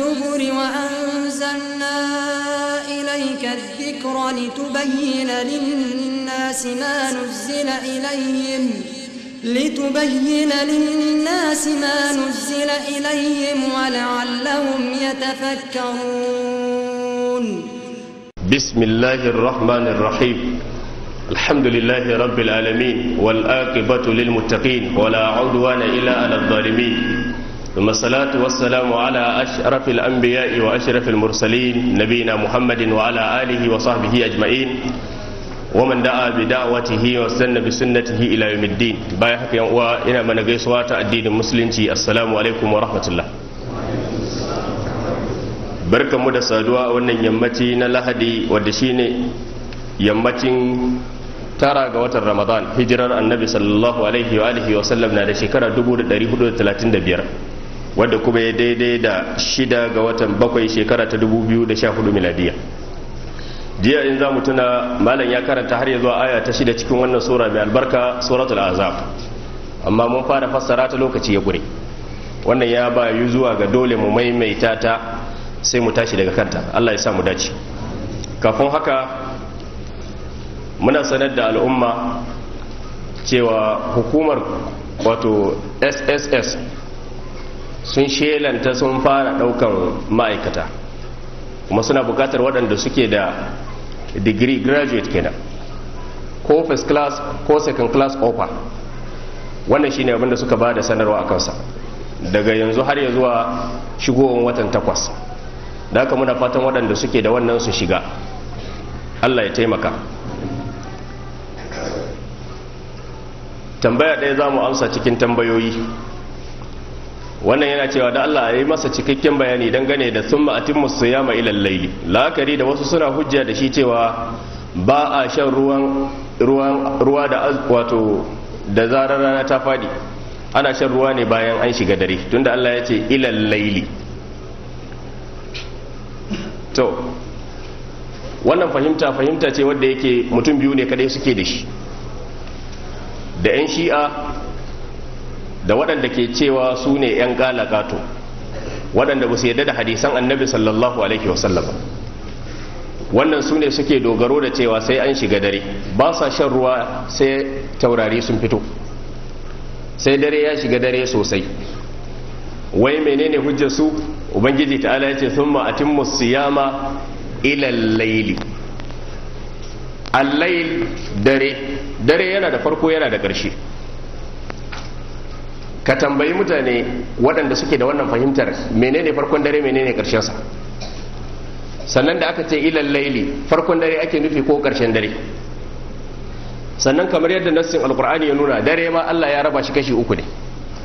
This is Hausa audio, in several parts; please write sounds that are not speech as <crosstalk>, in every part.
الزبر وأنزلنا إليك الذكر لتبين للناس ما نزل إليهم لتبين للناس ما نزل إليهم ولعلهم يتفكرون بسم الله الرحمن الرحيم الحمد لله رب العالمين والآقبة للمتقين ولا عدوان إلا على الظالمين ثم الصلاة والسلام على أشرف الأنبياء وأشرف المرسلين نبينا محمد وعلى آله وصحبه أجمعين ومن دعا بدعوته واستنى بسنته إلى يوم الدين بايحك وإنا من قيسوات الدين المسلم السلام عليكم ورحمة الله barka mu da saduwa a wannan yammaci na lahadi wadda shine yammacin tara ga watan ramadan hijirar annabi sallallahu alaihi wa alihi wa sallam na da shekara 1435 wadda kuma ya daidai da shida ga watan bakwai shekara ta da 2014 miladiya jiya in za mu tuna malam ya karanta har ya zuwa aya ta shida cikin wannan sura mai albarka suratul azab amma mun fara fassara ta lokaci ya gure wannan ya bayu zuwa ga dole mu maimaita ta sai mu tashi daga kanta allah ya sa mu dace kafin haka muna sanar da al'umma cewa hukumar wato sss sun shelanta sun fara daukan ma'aikata kuma suna bukatar waɗanda suke da digiri graduate kenan ko first class ko second class offer wannan shine abinda suka ba da sanarwa a kansa daga yanzu har ya zuwa shigowar watan takwas da aka muna fatan waɗanda suke da wannan su shiga allah ya taimaka tambaya ɗaya za mu amsa cikin tambayoyi wannan yana cewa da Allah ya yi masa cikakken bayani don gane da sun ma'atin musu ya ma laili la'akari da wasu suna hujja da shi cewa ba a shan ruwa da wato da zarar rana ta fadi ana shan ruwa ne bayan an shiga dare tun da Allah ya ce ilallai. to wannan fahimta fahimta ce wadda yake mutum biyu ne kadai suke da shi da 'yan shi'a da waɗanda ke cewa su ne 'yan galagato waɗanda ba su yadda da hadisan annabi sallallahu alaihi wasallam wannan su ne suke dogaro da cewa sai an shiga dare ba sa shan ruwa sai taurari sun fito sai dare ya shiga dare sosai wai menene hujjar su ubangiji ta'ala ya ce sun ma'atin musiyama ilal laili dare dare yana da farko yana da ƙarshe ka tambayi mutane waɗanda suke da wannan fahimtar menene farkon dare menene ƙarshen sa sannan da aka ce ilal laili farkon dare ake nufi ko ƙarshen dare sannan kamar yadda nassin alqur'ani ya nuna dare ma Allah ya raba shi kashi uku ne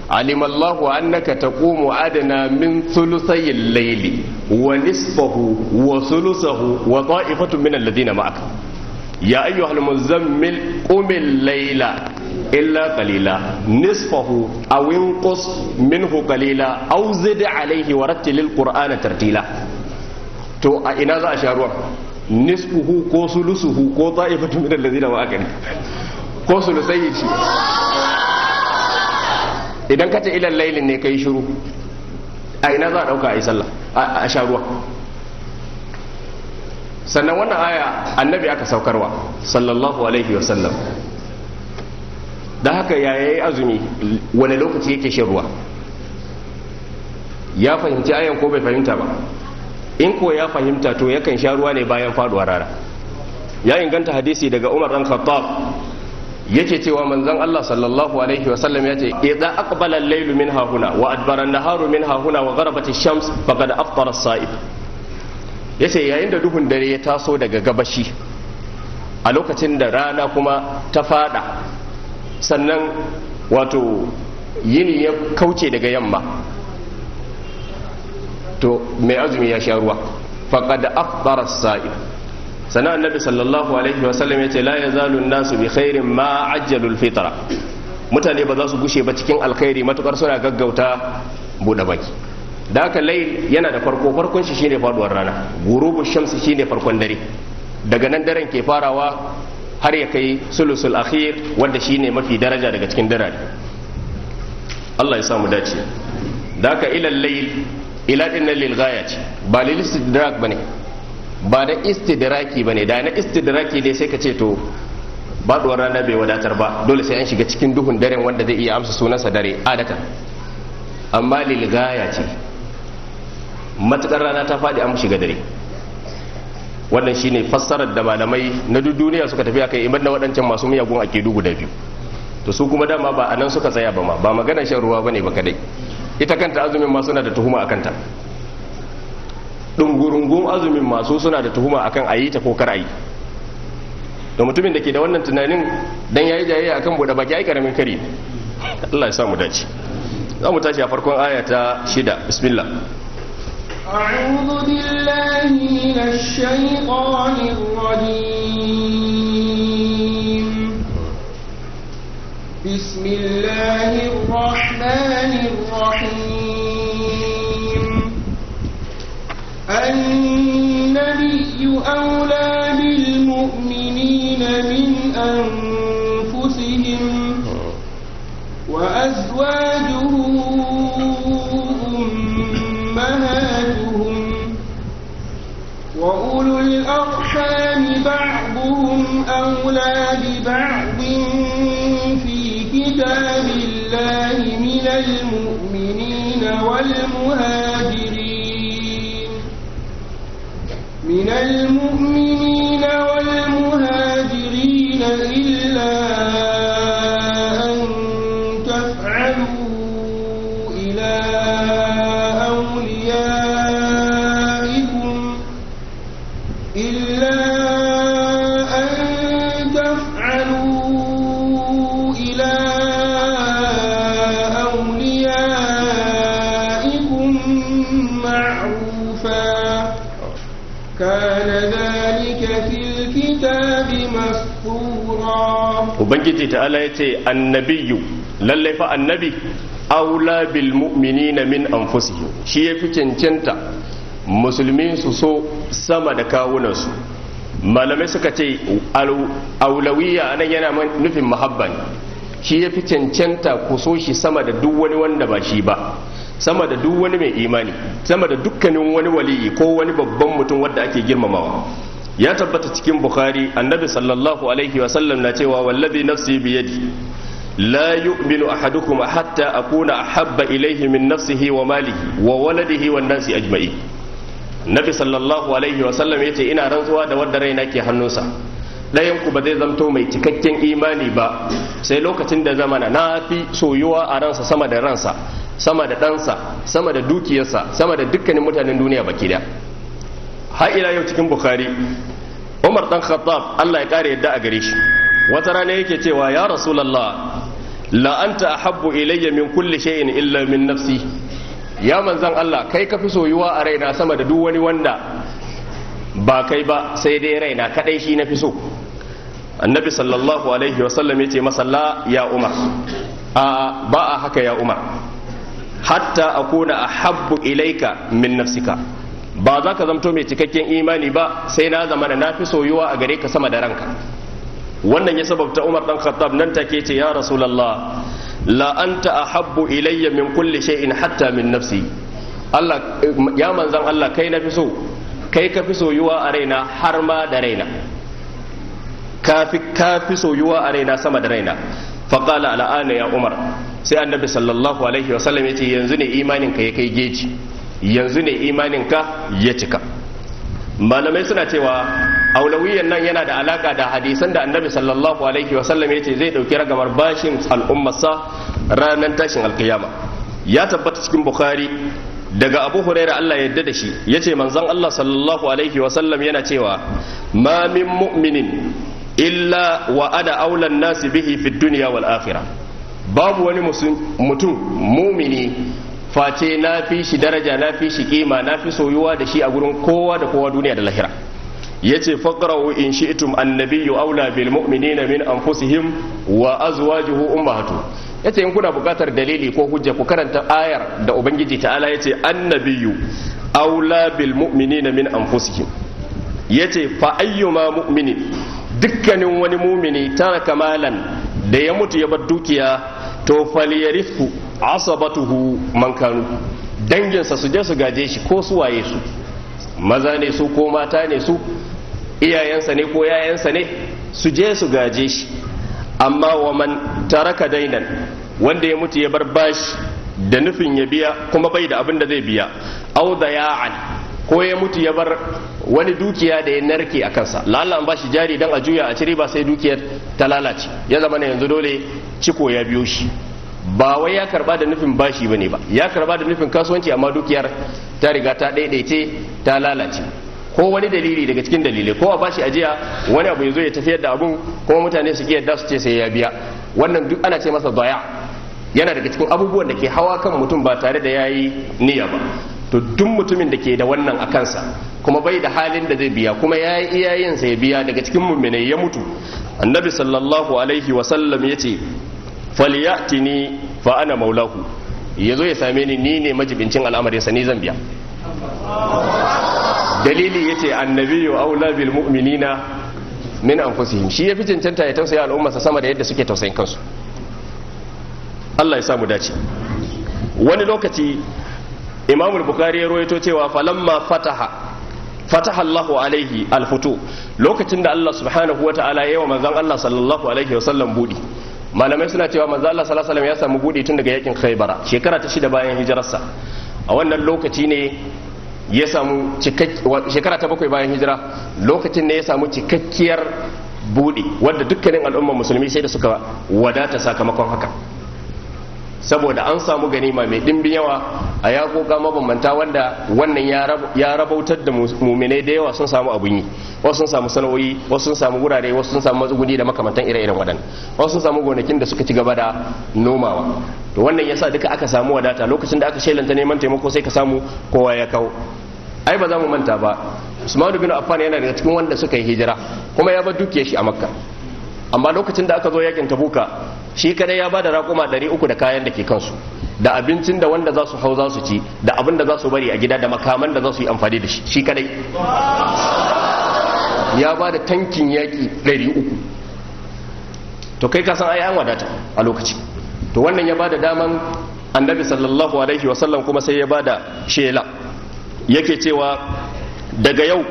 alimallahu annaka taqumu adana min thuluthay al-layli wa nisfahu wa thuluthahu wa ta'ifatun min alladhina ma'aka ya ayyuhal muzammil qumil layla illa qalila nisfahu aw inqus minhu qalila aw zid alayhi wa rattilil qur'ana tartila to a ina za a sharuwa ruwan nisfuhu ko sulusuhu ko ta'ifatu min allazina wa akali ko sulusai shi idan ka ta ilal lailin ne kai shiru a ina za a dauka a yi sallah a sha sannan wannan aya annabi aka saukarwa sallallahu alaihi wa sallam da haka yayi azumi wani lokaci yake shan ruwa ya fahimci ayan ko bai fahimta ba in ko ya fahimta to yakan sha ruwa ne bayan faduwa rana ya inganta hadisi daga umar dan khattab yake cewa manzon Allah sallallahu alaihi wa sallam yace idza aqbala al-laylu min hahuna wa adbara an-naharu min hahuna wa gharabat ash-shams faqad aftara as-sa'ib ya ce yayin da duhun dare ya taso daga gabashi a lokacin da rana kuma ta fada sannan wato yini ya kauce daga yamma to mai azumi ya sha ruwa da afṭara as-sa'im sana annabi sallallahu alaihi wa sallam ce la yazalu an-nasu bi khairin ma ajalul fitra mutane ba za su gushe ba cikin alkhairi matukar suna gaggauta bude baki da haka layl yana da farko farkon shi shine faduwar rana gurubu shamsi shine farkon dare daga nan daren ke farawa har ya kai sulusul akhir wanda shine mafi daraja daga cikin darare Allah ya samu dace da haka ila layl ila inna lil ghayat ce ba lil istidrak bane ba da istidraki bane da na istidraki ne sai ka ce to baduwar rana bai wadatar ba dole sai an shiga cikin duhun daren wanda zai iya amsa sunansa dare adatan amma lil ghaya ce matukar rana ta faɗi an shiga dare wannan shine fassarar da malamai na duk duniya suka tafi akai iman da waɗancan masu miyagun akidu guda biyu to su kuma dama ba anan suka tsaya ba ma ba magana shan ruwa bane ba kadai ita kanta azumin ma suna da tuhuma akan ta dungurungun azumin masu suna da tuhuma akan ayi ta ko kar ayi da mutumin da ke da wannan tunanin dan yayi jayayya akan bude baki ai karamin kari <laughs> Allah ya sa mu dace za mu tashi a farkon aya ta shida bismillah أعوذ بالله من الشيطان الرجيم بسم الله الرحمن الرحيم النبي أولى بالمؤمنين من أنفسهم وأزواجهم بعضهم أولى ببعض في كتاب الله من المؤمنين والمهاجرين من المؤمنين والمهاجرين إلا ubangiji ta'ala ya ce annabiyu lallai fa annabi aula bil mu'minina min anfusihim shi ya fi cancanta musulmi su so sama da kawunansu malamai suka ce aulawiya anan yana nufin muhabban. shi ya fi cancanta ku so shi sama da duk wani wanda ba shi ba sama da duk wani mai imani sama da dukkanin wani waliyi ko wani babban mutum wadda ake girmamawa ya tabbatar cikin bukhari annabi sallallahu alaihi wasallam na cewa wallabi nafsi biyadi la yu'minu ahadukum hatta a akuna ahabba ilayhi min nafsihi wa malihi wa waladihi wan nasi ajma'i nabi sallallahu alaihi wasallam yace ina rantsuwa da wanda raina ke hannunsa dayan ku ba zai zamto mai cikakken imani ba sai lokacin da zamana na fi soyuwa a ransa sama da ransa sama da ɗansa sama da dukiyarsa sama da dukkanin mutanen duniya baki daya har ila yau cikin bukari umar dan khattab Allah ya kare yadda a gare shi wata rana yake cewa ya rasulullah la anta ahabbu ilayya min kulli shay'in illa min nafsi ya manzan Allah kai ka fi soyuwa a raina sama da duk wani wanda ba kai ba sai dai raina kadai shi na fi so annabi sallallahu alaihi sallam ya ce masalla ya umar a ba a haka ya umar hatta akuna ahabbu ilaika min nafsika ba za ka zamto mai cikakken imani ba sai na zama na fi soyuwa a gare ka sama da ranka wannan ya sababta umar dan khattab nan take ce ya rasulullah la anta ahabbu ilayya min kulli shay'in hatta min nafsi Allah ya manzan Allah kai na fi so kai ka fi soyuwa a raina har ma da raina kafi kafi soyuwa a raina sama da raina faqala al'ana ya umar sai annabi sallallahu alaihi wasallam yace yanzu ne imanin ka ya kai geji yanzu ne imaninka ya cika malamai suna cewa aulawiyan nan yana da alaka da hadisan da annabi sallallahu alaihi sallam ya ce zai ɗauki ragamar bashin al'ummarsa ranar tashin alkiyama ya tabbata cikin bukhari daga abu huraira allah yadda da shi ya ce manzan allah sallallahu alaihi wa sallam yana cewa ma min mu'minin illa wa ana aulan nasi bihi fi duniya wal akhirah babu wani mutum mumini face na fi shi daraja na fi shi kima na fi soyuwa da shi a gurin kowa da kowa duniya da lahira yace faqra'u in shi'tum annabiyyu aula bil mu'minina min anfusihim wa azwajuhu ummahatu yace in kuna bukatar dalili ko hujja ku karanta ayar da ubangiji ta'ala yace annabiyyu aula bil mu'minina min anfusihim yace fa ayyuma mu'mini dukkanin wani mumini tara kamalan da ya mutu ya bar dukiya to falyarifku asabatuhu man kanu danginsa su je su gaje shi ko su waye su maza ne su ko mata ne su iyayensa ne ko yayansa ne su je su gaje shi amma wa man taraka dainan wanda ya mutu ya bar bashi da nufin ya biya kuma bai da abin da zai biya au ya'an ko ya mutu ya bar wani dukiya da ya narke a kansa lallan ba shi jari dan a juya a cire ba sai dukiyar ta lalace ya zama yanzu dole ciko ya biyo shi ba wai ya karba da nufin bashi bane ba ya karba da nufin kasuwanci amma dukiyar ta riga ta daidaice ta lalace ko wani dalili daga cikin dalilai ko a bashi ajiya wani abu ya zo ya tafiyar da abun kuma mutane su kiyar su ce sai ya biya wannan duk ana ce masa baya yana daga cikin abubuwan da ke hawa kan mutum ba tare da yayi niyya ba to duk mutumin da ke da wannan a kansa kuma bai da halin da zai biya kuma ya yi iyayensa ya biya daga cikin mummunai ya mutu annabi sallallahu alaihi wasallam ya ce falyatini fa ana maulahu yazo ya same ni ni ne majibincin sa ni zan biya dalili yace annabiyyu aula bil mu'minina min anfusihim shi ya fi cancanta ya tausaya al'ummarsa sama da yadda suke tausayin kansu Allah ya samu dace wani lokaci imamul bukari ya rawaito cewa falamma fataha fataha Allahu alaihi alfutu lokacin da Allah subhanahu wa ta'ala ya wa manzon Allah sallallahu alaihi wa sallam budi malamai suna cewa manzo Allah sallallahu alaihi wasallam ya samu buɗe tun daga yakin khaibara shekara ta shida bayan hijirarsa a wannan lokaci ne ya samu shekara ta bakwai bayan hijira lokacin ne ya samu cikakkiyar buɗe wadda dukkanin al'umma musulmi sai da suka wadata sakamakon haka saboda an samu ganima mai ɗimbi yawa a koka mabambanta wanda wannan ya rabautar da muminai da yawa sun samu abun yi wasu sun samu sana'o'i wasu sun samu wurare wasu sun samu matsuguni da makamantan ire-iren waɗannan wasu sun samu gonakin da suka ci gaba da nomawa to wannan yasa duka aka samu wadata lokacin da aka shelanta neman taimako sai ka samu kowa ya kawo ai ba za mu manta ba usmanu bin affan yana daga cikin wanda suka yi hijira kuma ya bar dukiyar shi a makka amma lokacin da aka zo yakin tabuka shi kadai ya ba da raƙuma 300 da kayan da ke kansu da abincin da wanda za su hau za su ci da abin da za su bari a gida da makaman da za su yi amfani da shi shi kadai ya ba da tankin yaƙi 300 to kai kasan san wadata a lokaci to wannan ya ba da daman annabi sallallahu alaihi wasallam kuma sai ya ba da shela yake cewa daga yau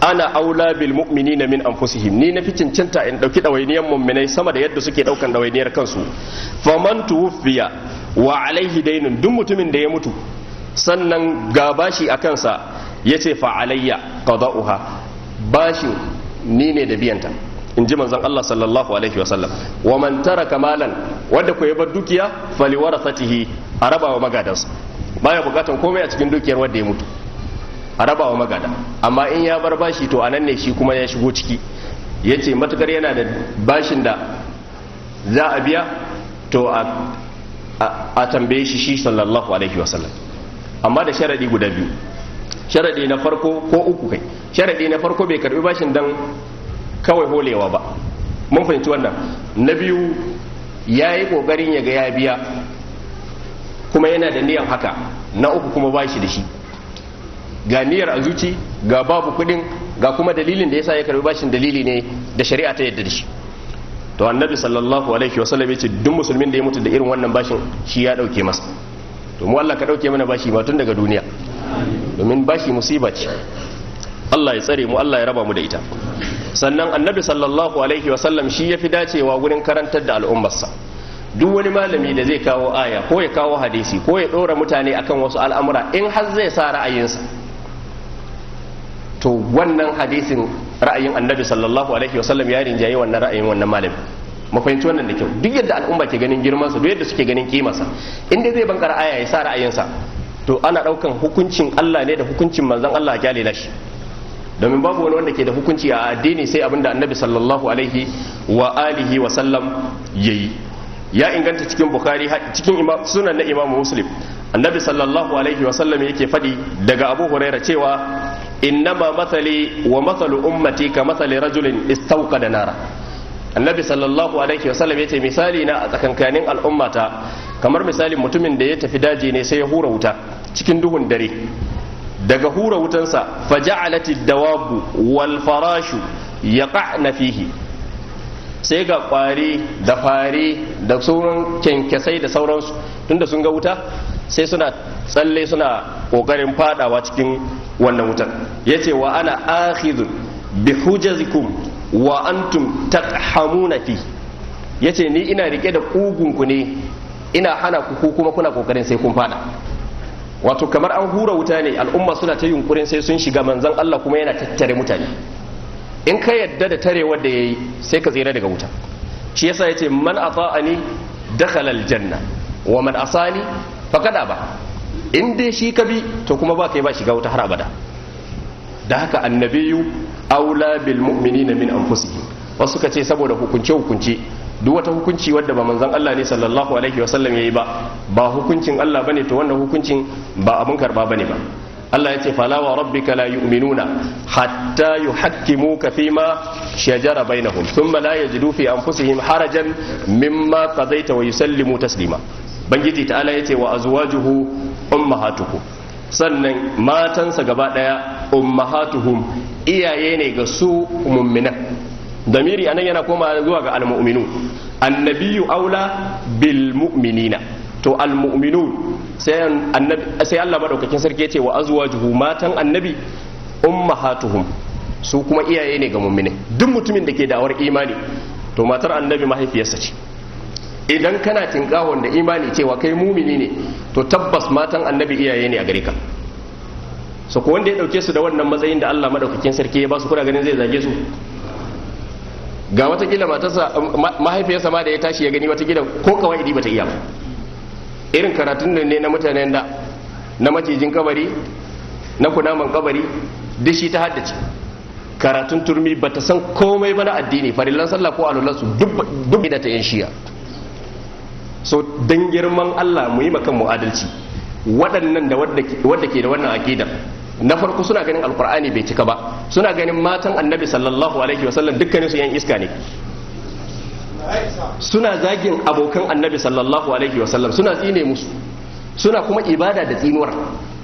ana aula bil mu'minina min anfusihim ni na fi cancanta in dauki dawainiyar mu'minai sama da yadda suke ɗaukan dawainiyar kansu faman tuwfiya wa alaihi dainun duk mutumin da ya mutu sannan ga bashi a kansa ya ce fa alayya qada'uha bashi ni ne da biyanta in ji manzon Allah sallallahu alaihi wa sallam wa man taraka malan wanda ko ya dukiya fali warasatihi a rabawa magadansa baya bukatan komai a cikin dukiyar wanda ya mutu a rabawa magada amma in ya bar bashi to anan ne shi kuma ya shigo ciki yace matukar yana da bashin da za a biya to a a tambaye shi shi sallallahu alaihi wasallam amma da sharadi guda biyu sharadi na farko ko uku kai sharadi na farko bai karbi bashin dan kawai holewa ba mun fahimci wannan na biyu ya yi kokarin ya ga ya biya kuma yana da niyan haka na uku kuma bashi da shi ga niyyar a ga babu kudin ga kuma dalilin da yasa ya karbi bashin dalili ne da shari'a ta yadda da shi to annabi sallallahu alaihi wa sallam yace duk musulmin da ya mutu da irin wannan bashin shi ya dauke masa to mu Allah ka dauke mana bashi ma tun daga duniya domin bashi musiba ce Allah ya tsare mu Allah ya raba mu da ita sannan annabi sallallahu alaihi wa sallam shi ya fi dacewa gurin karantar da al'ummarsa duk wani malami da zai kawo aya ko ya kawo hadisi ko ya ɗora mutane akan wasu al'amura in har zai sa ra'ayinsa to wannan hadisin ra'ayin annabi sallallahu alaihi wa sallam ya rinjaye wannan ra'ayin wannan malami mu fahimci wannan da kyau duk yadda al'umma ke ganin girman sa duk yadda suke ganin kimarsa in dai zai bankar aya ya sa ra'ayinsa to ana daukan hukuncin Allah ne da hukuncin manzon Allah ya shi. domin babu wani wanda ke da hukunci a addini sai abinda annabi sallallahu alaihi wa alihi wa sallam yayi ya inganta cikin bukhari cikin sunan na imamu muslim annabi sallallahu alaihi wa sallam yake faɗi daga abu huraira cewa innama masali wa masalu ummati ka masali rajulin istauka da nara annabi sallallahu alaihi wasallam ya ce misali na a tsakankanin al'ummata kamar misalin mutumin da ya tafi daji ne sai ya hura wuta cikin duhun dare daga hura wutansa faja'alati dawabu wal farashu yaqa'na fihi sai ga kwari da fari da sauran kyankyasai da sauransu tunda sun ga wuta sai suna tsalle suna kokarin fadawa cikin wannan wutan yace wa ana Ahizun bi hujazikum wa antum taqhamuna fi yace ni ina rike da kugunku ne ina hana ku ku kuma kuna kokarin sai kun fada wato kamar an hura wuta ne al'umma suna ta yunkurin sai sun shiga manzan Allah kuma yana tattare mutane in ka yadda da tarewar da yayi sai ka tsira daga wuta shi yasa yace man ata'ani dakhala aljanna wa man asani faqad ba? in dai shi ka bi to kuma ba kai ba shiga wuta har abada da haka annabiyu aula bil mu'minina min anfusihim wasu ka ce saboda hukunce hukunce duk wata hukunci wadda ba manzon Allah ne sallallahu alaihi wasallam yayi ba ba hukuncin Allah bane to wannan hukuncin ba abun karba bane ba Allah ya ce fala wa rabbika la yu'minuna hatta yuhakkimuka fima shajara bainahum thumma la yajidu fi anfusihim harajan mimma qadaita wa yusallimu taslima bangiji ta'ala yace wa azwajuhu ummahatukum sannan matansa gaba daya ummahatuhum iyaye ne ga su mu'minan damiri anan yana koma zuwa ga almu'minu annabiyu aula bil mu'minina to almu'minu sai sai Allah madaukakin sarki yace wa azwajuhu matan annabi ummahatuhum su kuma iyaye ne ga mummina duk mutumin da ke da'awar imani to matar annabi mahaifiyarsa ce idan kana gawon da imani cewa kai mumini ne to tabbas matan annabi iyaye ne a gare ka so ko wanda ya dauke su da wannan matsayin da Allah madaukakin sarki ya ba su kuna ganin zai zage su ga wata gida matarsa mahaifiyarsa ma da ya tashi ya gani wata gida ko kawai bata iya ba irin karatun da ne na mutanen da na macijin kabari na kunaman kabari duk shi ta haddace karatun turmi bata san komai ba na addini farillan sallah ko alulansu duk da ta yan shiya so dan girman Allah mu yi makan mu adalci waɗannan da wadda ke da wannan akidar na farko suna ganin alkur'ani bai cika ba suna ganin matan annabi sallallahu alaihi wasallam dukkanin su yan iska ne suna zagin abokan annabi sallallahu alaihi wasallam suna tsine musu suna kuma ibada da tsinuwar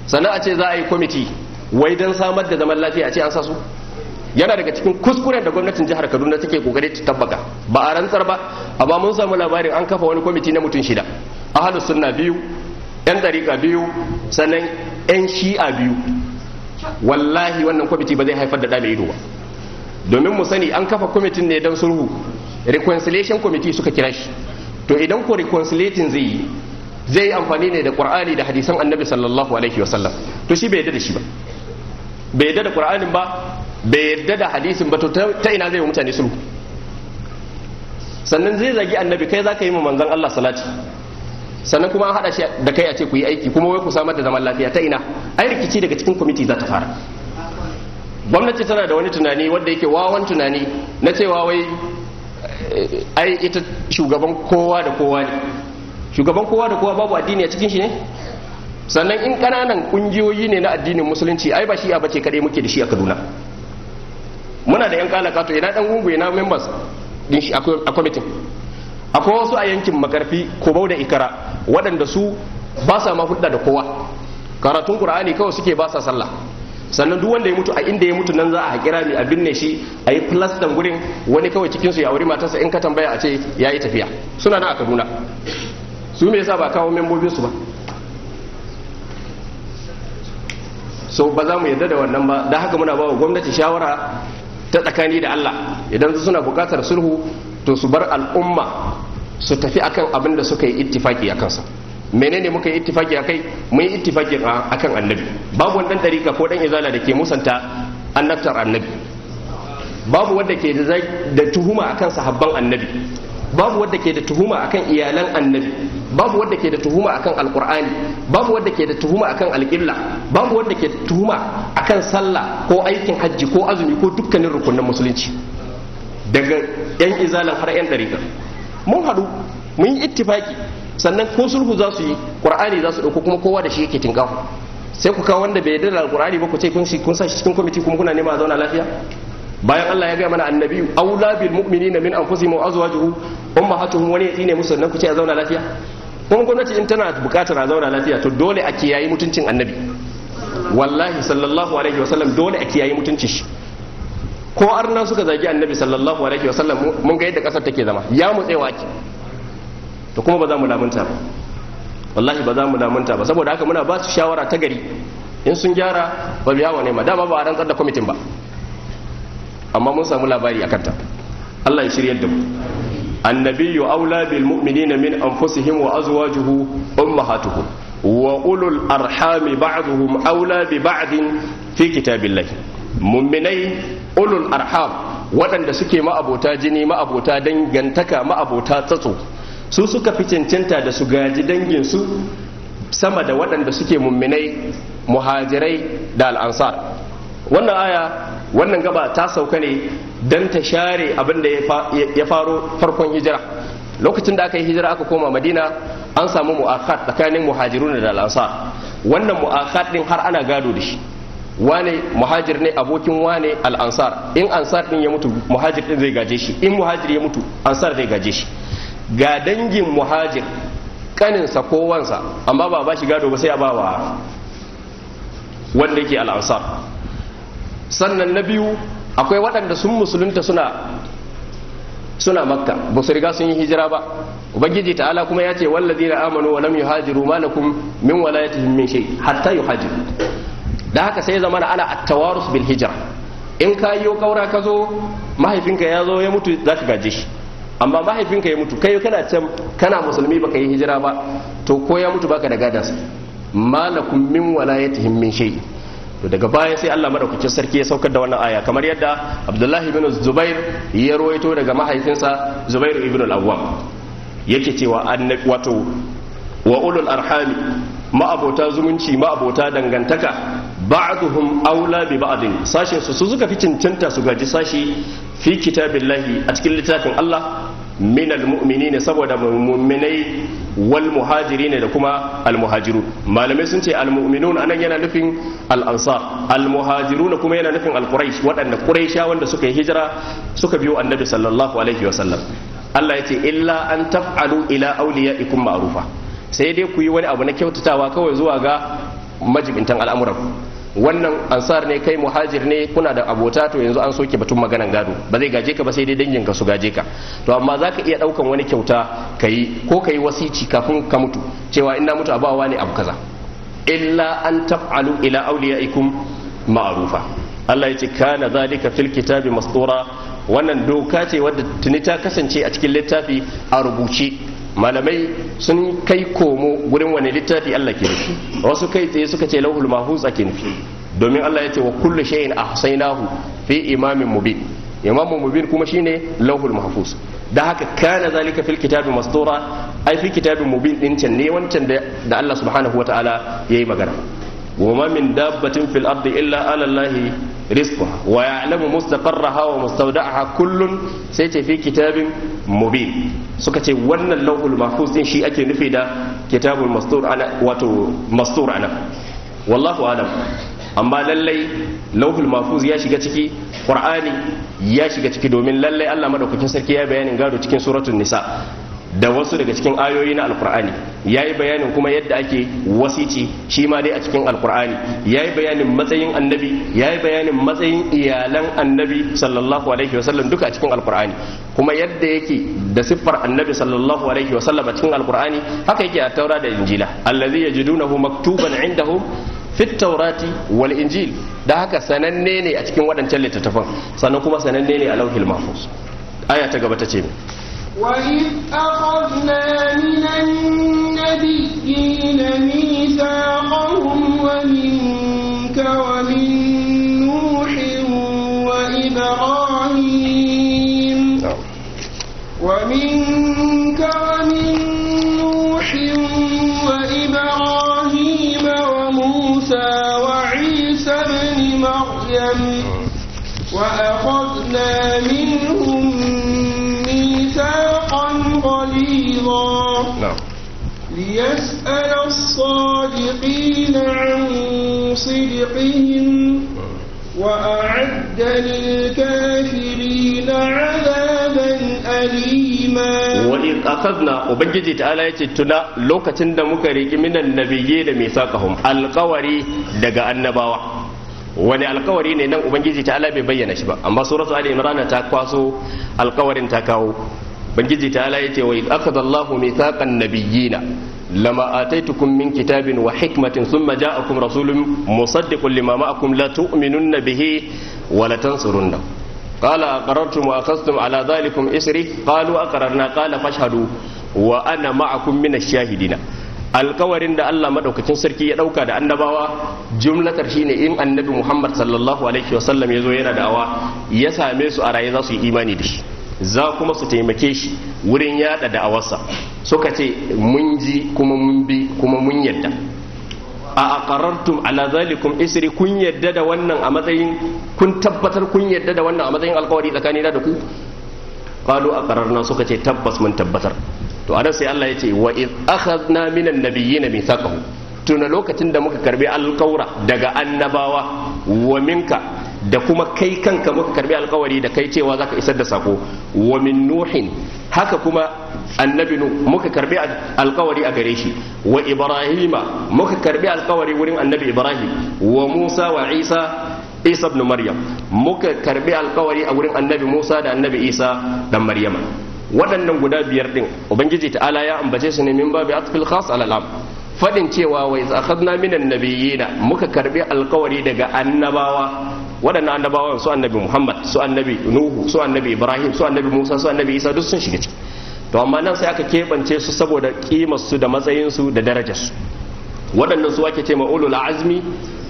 sannan a ce za a yi kwamiti wai don samar da zaman lafiya a ce an sa su yana daga cikin kuskuren da gwamnatin jihar kaduna take kokari ta tabbaka ba a rantsar ba amma mun samu labarin an kafa wani kwamiti na mutum shida ahalus sunna biyu yan dariƙa biyu sannan yan shi'a biyu wallahi wannan kwamiti ba zai haifar da ɗa mai ido ba domin mu sani an kafa kwamitin ne don sulhu reconciliation committee suka kira shi to idan ko reconciliating zai yi zai amfani ne da qur'ani da hadisan annabi sallallahu alaihi wasallam to shi bai yadda da shi ba bai yadda da qur'anin ba bai yadda da hadisin ba to ta ina zai wa mutane sulhu sannan zai zagi annabi kai za ka yi ma Allah salati sannan kuma an haɗa shi da kai a ce ku yi aiki kuma wai ku samar da zaman lafiya ta ina ai rikici daga cikin kwamiti za ta fara gwamnati tana da wani tunani wanda yake wawan tunani na cewa wai eh, ai ita shugaban kowa da kowa ne shugaban kowa da kowa babu addini a cikin shi ne sannan in ƙananan ƙungiyoyi ne na addinin musulunci ai ba shi a bace kaɗai muke da shi a kaduna muna da yan kalaka to ina dan gungu ina members din shi a kwamitin akwai wasu a yankin makarfi bau da ikara waɗanda su ba sa ma hudda da kowa karatun qur'ani kawai suke ba sa sallah sannan duk wanda ya mutu a inda ya mutu nan za a hakira ne a binne shi a yi plastan gurin wani kawai cikin su ya auri matarsa in ka tambaya a ce ya yi tafiya suna nan a kaduna su me yasa ba kawo membobin su ba so ba za mu yarda da wannan ba don haka muna ba wa gwamnati shawara ta tsakani da Allah idan suna bukatar sulhu to su bar al'umma su tafi akan abin da suka yi ittifaki a kansa menene muka yi ittifaki a kai mun yi ittifaki a kan annabi babu wani dan dariƙa ko ɗan izala da ke musanta annabtar annabi babu wanda ke da tuhuma a akan sahabban annabi babu wadda ke da tuhuma akan iyalan annabi babu wanda ke da tuhuma akan alkur'ani babu wanda ke da tuhuma akan alqilla babu wanda ke da tuhuma akan sallah ko aikin hajji ko azumi ko dukkanin rukunin musulunci daga yan izalan har yan ɗarika mun haɗu mun yi ittifaki sannan ko sulhu za su yi qur'ani za su ɗauko kuma kowa da shi yake tinkahu sai ku kawo wanda bai yarda da alqur'ani ba ku ce kun sa shi cikin kwamiti kuma kuna nema zauna lafiya bayan Allah ya gaya mana annabi aula bil mu'minina min anfusihim wa azwajihi ummahatuhum wani ya tsine musu nan ku ce a zauna lafiya kuma gwamnati in tana bukatar a zauna lafiya to dole a kiyaye mutuncin annabi wallahi sallallahu alaihi wasallam dole a kiyaye mutuncin shi ko arna suka zagi annabi sallallahu alaihi wasallam mun ga yadda kasar take zama ya mu tsewa ki to kuma ba za mu lamunta ba wallahi ba za mu lamunta ba saboda haka muna ba su shawara ta gari in sun gyara ba biya wa ne ma dama ba a rantsar da kwamitin ba amma mun samu labari a kanta Allah ya shiryar da mu annabiyyu aula bil mu'minina min anfusihim wa azwajuhu ummahatuhum wa ulul arhami ba'dhum aula bi ba'din fi kitabillahi mu'minai ulul arham waɗanda suke ma'abota jini ma'abota dangantaka ma'abota tsatso su suka fi cancanta da su gaji dangin su sama da waɗanda suke mumminai muhajirai da al'ansar wannan aya wannan gaba ta sauka ne don ta share abin da ya faro farkon hijira lokacin da aka yi hijira aka koma madina an samu mu'akhat tsakanin muhajirun da lansar wannan mu'akhat din har ana gado da shi wane muhajir ne abokin wane al'ansar in ansar din ya mutu muhajir din zai gaje shi in muhajir ya mutu ansar zai gaje shi ga dangin muhajir kaninsa ko wansa amma ba ba shi gado ba sai a ba wa wanda yake al'ansar sannan na biyu akwai waɗanda sun musulunta suna suna makka ba su riga sun yi hijira ba ubangiji ta'ala kuma ya ce wallazi na amanu wa lam yuhajiru malakum min walayatihim min shay hatta yuhajiru da haka sai zamana ana at-tawarus bil hijra in ka yi kaura ka zo mahaifinka ya zo ya mutu zaka gaje shi amma mahaifinka ya mutu kai kana can kana musulmi baka yi hijira ba to ko ya mutu baka da gadansa malakum min walayatihim min shay' daga baya sai Allah madaukakin sarki ya saukar da wannan aya kamar yadda Abdullahi ibn Zubair ya rawaito daga mahaifinsa Zubair ibn al-Awwam yake cewa annabi wato wa ulul arhami ma'abota zumunci ma'abota dangantaka ba'duhum aula bi ba'din sashin su su suka fi cancanta su gaji sashi fi kitabillahi a cikin littafin Allah min ne saboda mu'minai wal muhajiri ne da kuma muhajiru. malamai sun ce almu'minun anan yana nufin al-ansar almuhajirun kuma yana nufin al-quraish waɗanda quraisha wanda suka yi hijira suka biyo annabi sallallahu alaihi wasallam Allah ya ce illa an taf'alu ila awliyaikum ma'rufa sai dai ku yi wani abu na kyautatawa kawai zuwa ga majibintan al'amuran wannan ansar ne kai muhajir ne kuna da abota to yanzu an soke batun maganan gado ba zai gaje ka ba sai dai dangin ka su gaje ka to amma zaka iya daukan wani kyauta ka ko ka wasici kafin ka mutu cewa in na mutu abawa ne abu kaza illa an taf'alu ila awliyaikum ma'rufa Allah ya ce kana zalika fil kitabi mastura wannan doka ce wadda tuni ta kasance a cikin littafi a rubuce malamai sun kai komo gurin wani littafi Allah ke nufi wasu kai tsaye suka ce lauhul mahfuz ake nufi domin Allah ya ce wa kullu shay'in ahsaynahu fi imamin mubin imamu mubin kuma shine lauhul mahfuz da haka kana zalika fil kitabi masdura ai fi kitabin mubin din can ne wancan da Allah subhanahu wataala yayi magana وما من دابة في الأرض إلا على الله رزقها ويعلم مستقرها ومستودعها كل سيتي في كتاب مبين suka ce wannan lauhul mahfuz din shi ake nufi da kitabul mastur ana wato mastur ana wallahu alam amma lallai lauhul mahfuz ya shiga ciki qur'ani ya shiga ciki domin lallai Allah madaukakin sarki ya bayanin gado cikin suratul nisa da wasu daga cikin ayoyi na alkur'ani ya yi bayanin kuma yadda ake wasici shi ma dai a cikin alkur'ani ya yi bayanin matsayin annabi ya yi bayanin matsayin iyalan annabi sallallahu alaihi wasallam duka a cikin alkur'ani kuma yadda yake da siffar annabi sallallahu alaihi wasallam a cikin alkur'ani haka yake a taura da injila allazi yajidunahu maktuban indahu fit taurati wal injil da haka sananne ne a cikin waɗancan littattafan sannan kuma sananne ne a lauhil mahfuz aya ta gaba ta ce وإذ أخذنا من النبيين ميثاقهم ومنك ومن نوح وإبراهيم نعم. ومنك ومن نوح وإبراهيم وموسى وعيسى ابن مريم نعم. وأخذنا منهم غليظا نعم ليسأل الصادقين عن صدقهم وأعد للكافرين عذابا أليما وإن أخذنا وبنجي تعالى تنا لوكة دمكريك من النبيين ميثاقهم القوري دقاء النباوة wani alkawari ne nan ubangiji ta bai bayyana shi ba amma suratu ali imrana ta kwaso alkawarin ta kawo bangiji ta ala yace wa idh akhadha Allahu mithaqan nabiyyina lama ataitukum min kitabin wa hikmatin thumma ja'akum rasulun musaddiqun lima ma'akum la tu'minunna bihi wa la tansurunna qala aqarrtum wa akhadhtum ala dhalikum isri qalu aqarrna qala fashhadu wa ana ma'akum min ash-shahidina alkawarin da Allah madaukakin sarki ya dauka da annabawa jumlatar shine in annabi Muhammad sallallahu alaihi wasallam yazo yana da'awa ya same su a raye za su yi imani da shi za kuma su taimake shi wurin yada awasa suka ce mun ji kuma mun bi kuma mun yadda a aqarartum ala zalikum isri kun yadda da wannan a matsayin kun tabbatar kun yadda da wannan a matsayin alkawari tsakani da ku qalu aqararna suka ce tabbas mun tabbatar to anan sai Allah ya ce wa id akhadna minan nabiyyin mithaqahu tuna lokacin da muka karbi alkaura daga annabawa wa minka da kuma kai kanka muka karbi alkawari da kai cewa zaka isar da sako wa min nuhin haka kuma annabi nu muka karbi alkawari a gare shi wa ibrahima muka karbi alkawari wurin annabi ibrahim wa musa wa isa isa ibn maryam muka karbi alkawari a wurin annabi musa da annabi isa dan maryama waɗannan guda biyar din ubangiji ta'ala ya ambace su ne min babu atfil khas al fadin cewa wa iz akhadna minan nabiyina muka karbi alkawari daga annabawa waɗannan annabawan su annabi muhammad su annabi nuhu su annabi ibrahim su annabi musa su annabi isa duk sun shiga ciki to amma nan sai aka keɓance su saboda su da matsayinsu da darajarsu waɗannan su ake ce ma ulul azmi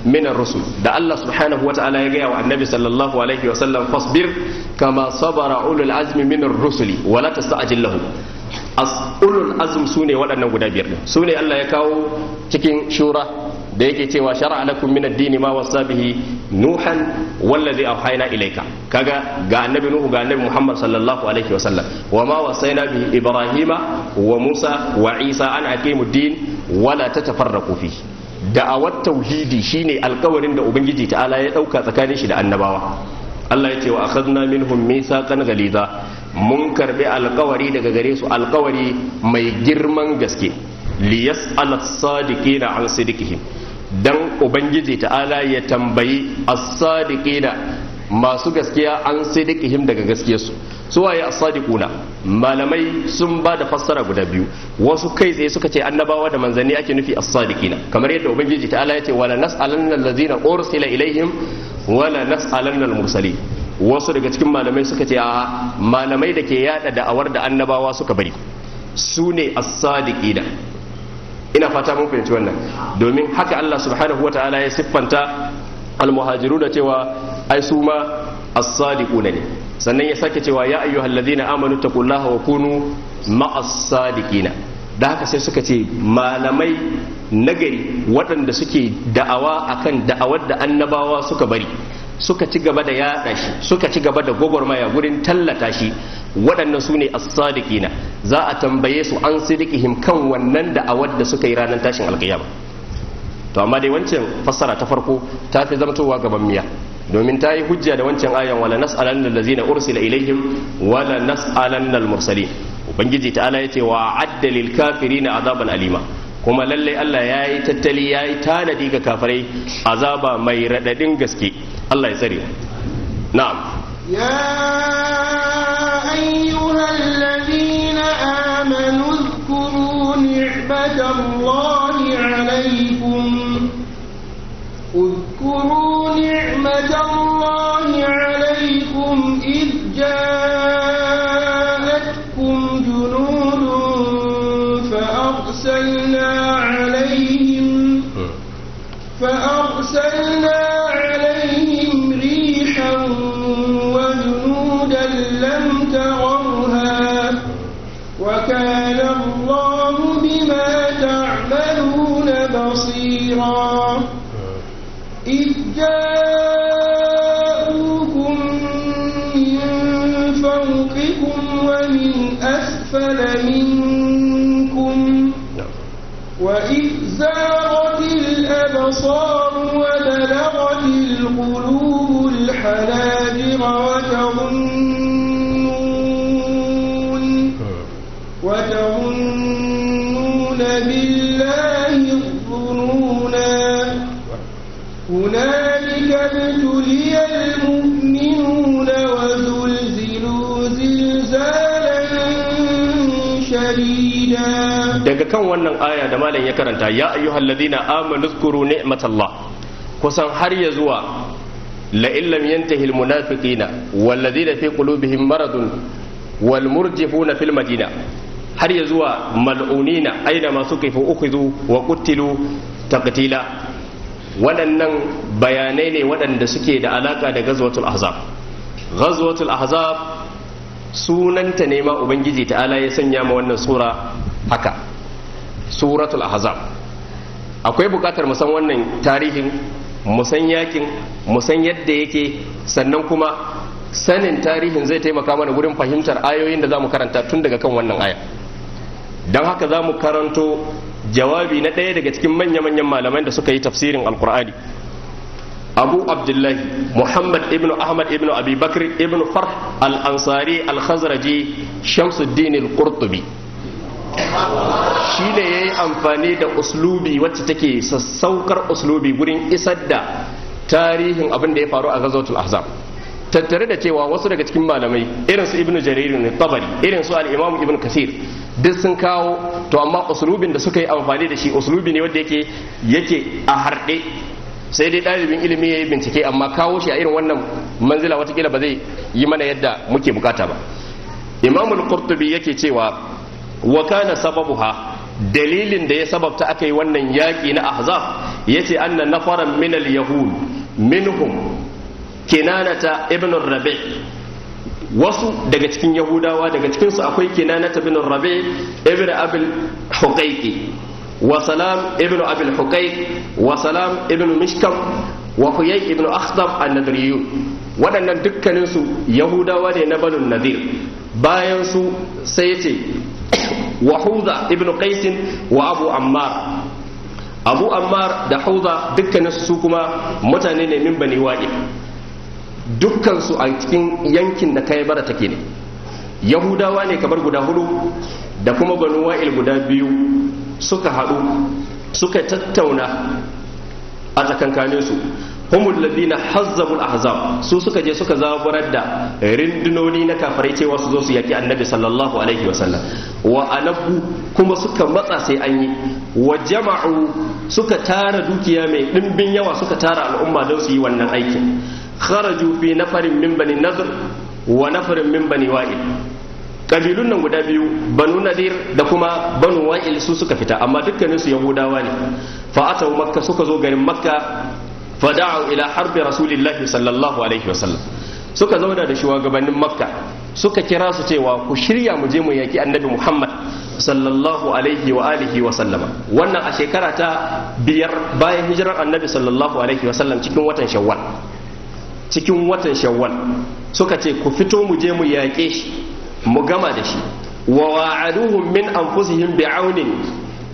minar rusul da Allah subhanahu wa ta'ala ya gaya wa annabi sallallahu alaihi wa sallam fasbir kama sabara ulul azmi minar rusuli wa la tasta'jil lahum ulul azm sune waɗannan guda biyar sune Allah ya kawo cikin shura da yake cewa shar'a lakum min ad din ma wasa bihi nuhan wallazi awhayna ilayka kaga ga annabi nuhu ga annabi muhammad sallallahu alaihi wa sallam wa ma wasaina bihi ibrahima wa musa wa isa an aqimu din wala tatafarraqu fi da'awat tauhidi shine alkawarin da ubangiji ta'ala ya dauka tsakanin shi da annabawa Allah ya ce wa akhadna minhum mithaqan ghaliza mun karbi alkawari daga gare su alkawari mai girman gaske Liyas as-sadiqina an sidqihim dan ubangiji ta'ala ya tambayi as-sadiqina masu gaskiya an sidqihim daga gaskiyarsu su waye as-sadiquna malamai sun ba da fassara guda biyu wasu kai tsaye suka ce annabawa da manzanni ake nufi as-sadiqina kamar yadda ubangiji ta'ala ya ce wala nas'alanna allazina ursila ilaihim wala nas'alanna al-mursalin wasu daga cikin malamai suka ce a malamai da ke yada da'awar da annabawa suka bari su ne as-sadiqina ina fata mun fahimci wannan domin haka Allah subhanahu wa ta'ala ya siffanta almuhajiruna cewa ai su ma as-sadiquna ne sannan ya sake cewa ya ayyuhallazina amanu taqullaha wa kunu ma'as sadiqina da haka sai suka ce malamai nagari waɗanda suke da'awa akan da'awar da annabawa suka bari suka ci gaba da yaɗa shi suka ci gaba da gwagwarmaya gurin tallata shi waɗannan su ne as na za a tambaye su an sidiqihim kan wannan da a wadda suka yi ranar tashin alkiyama to amma dai wancan fassara ta farko ta fi zamtowa gaban miya domin ta yi hujja da wancan ayan wala nas'alanna allazina ursila ilaihim wala nas'alanna al-mursalin ubangiji ta'ala yace wa adda lil kafirina azaban alima kuma lallai Allah ya yi tattali ya yi tanadi ga kafirai azaba mai radadin gaske Allah ya tsare na'am يا أيها الذين آمنوا اذكروا نعمة الله عليكم اذكروا نعمة الله عليكم إذ جاءكم كثيرا إذ جاءوكم من فوقكم ومن أسفل منكم نعم. وإذ زاغت الأبصار وبلغت daga kan wannan aya da malam ya karanta ya ayyuhal ladina amanu zkuru ni'matallah kusan har ya zuwa la illam yantahi al munafiqina wal ladina fi qulubihim maradun wal murjifuna fil madina har ya zuwa mal'unina aina masu kifu ukhidhu wa qutilu taqtila waɗannan bayanai ne waɗanda suke da alaka da ghazwatul ahzab ghazwatul ahzab sunanta ne ma ubangiji ta'ala ya sanya ma wannan sura haka suratul ahzab akwai bukatar mu san wannan tarihin mu san yakin mu san yadda yake sannan kuma sanin tarihin zai taimaka mana gurin fahimtar ayoyin da zamu karanta tun daga kan wannan aya dan haka zamu karanto jawabi na ɗaya daga cikin manya-manyan malaman da suka yi tafsirin alkur'ani abu abdullahi muhammad ibn ahmad ibn abi bakr ibn farh al-ansari al-khazraji shamsuddin al-qurtubi shi ne ya yi amfani da uslubi wacce take sassaukar uslubi wurin isar da tarihin abin da ya faru a gazotul ahzab tattare da cewa wasu daga cikin malamai irin su ibnu jarir ne tabari irin su al-imam ibn kasir duk sun kawo to amma uslubin da suka yi amfani da shi uslubi ne wanda yake yake a harɗe sai dai ɗalibin ilimi ya yi bincike amma kawo shi a irin wannan manzila watakila ba zai yi mana yadda muke bukata ba imamul qurtubi yake cewa wa kana sababuha dalilin da ya sababta aka yi wannan yaƙi na ahzab yace anna nafaran min al-yahud minhum kinanata ibn rabi wasu daga cikin yahudawa daga cikin su akwai kinanata ibn rabi ibn abul huqayqi wa salam ibn abul huqayq wa salam ibn mishkam wa huyay ibn akhdab an-nadriyu waɗannan dukkaninsu yahudawa ne na banu nadir bayan su sai yace wa huza ibnu qaisin wa abu ammar abu ammar da hauza dukkanin su kuma mutane ne min bani wa'i dukkansu a cikin yankin da kai bara take ne yahudawa ne kamar guda hudu da kuma banu wa'il guda biyu suka haɗu suka tattauna a tsakankanin su humul ladina hazzabul ahzab su suka je suka zaburar da rindunoni na kafirai cewa su zo su yaki annabi sallallahu alaihi sallam wa anabu kuma suka matsa sai an yi wa jama'u suka tara dukiya mai dimbin yawa suka tara al'umma don su yi wannan aikin kharaju fi nafarin min bani nazr wa nafarin min bani wa'il kabilun nan guda biyu banu nadir da kuma banu wa'il su suka fita amma dukkaninsu yahudawa ne fa atau makka suka zo garin makka fada'u ila harbi rasulillahi sallallahu alaihi wasallam suka zauna da shugabannin makka suka kira su cewa ku shirya mu je mu yaki annabi muhammad sallallahu alaihi wa alihi wa sallama wannan a shekara ta biyar bayan hijirar annabi sallallahu alaihi wa sallam cikin watan shawwal cikin watan shawwal suka ce ku fito mu je mu yaƙe shi mu gama da shi wa wa'aduhum min anfusihim bi'aunin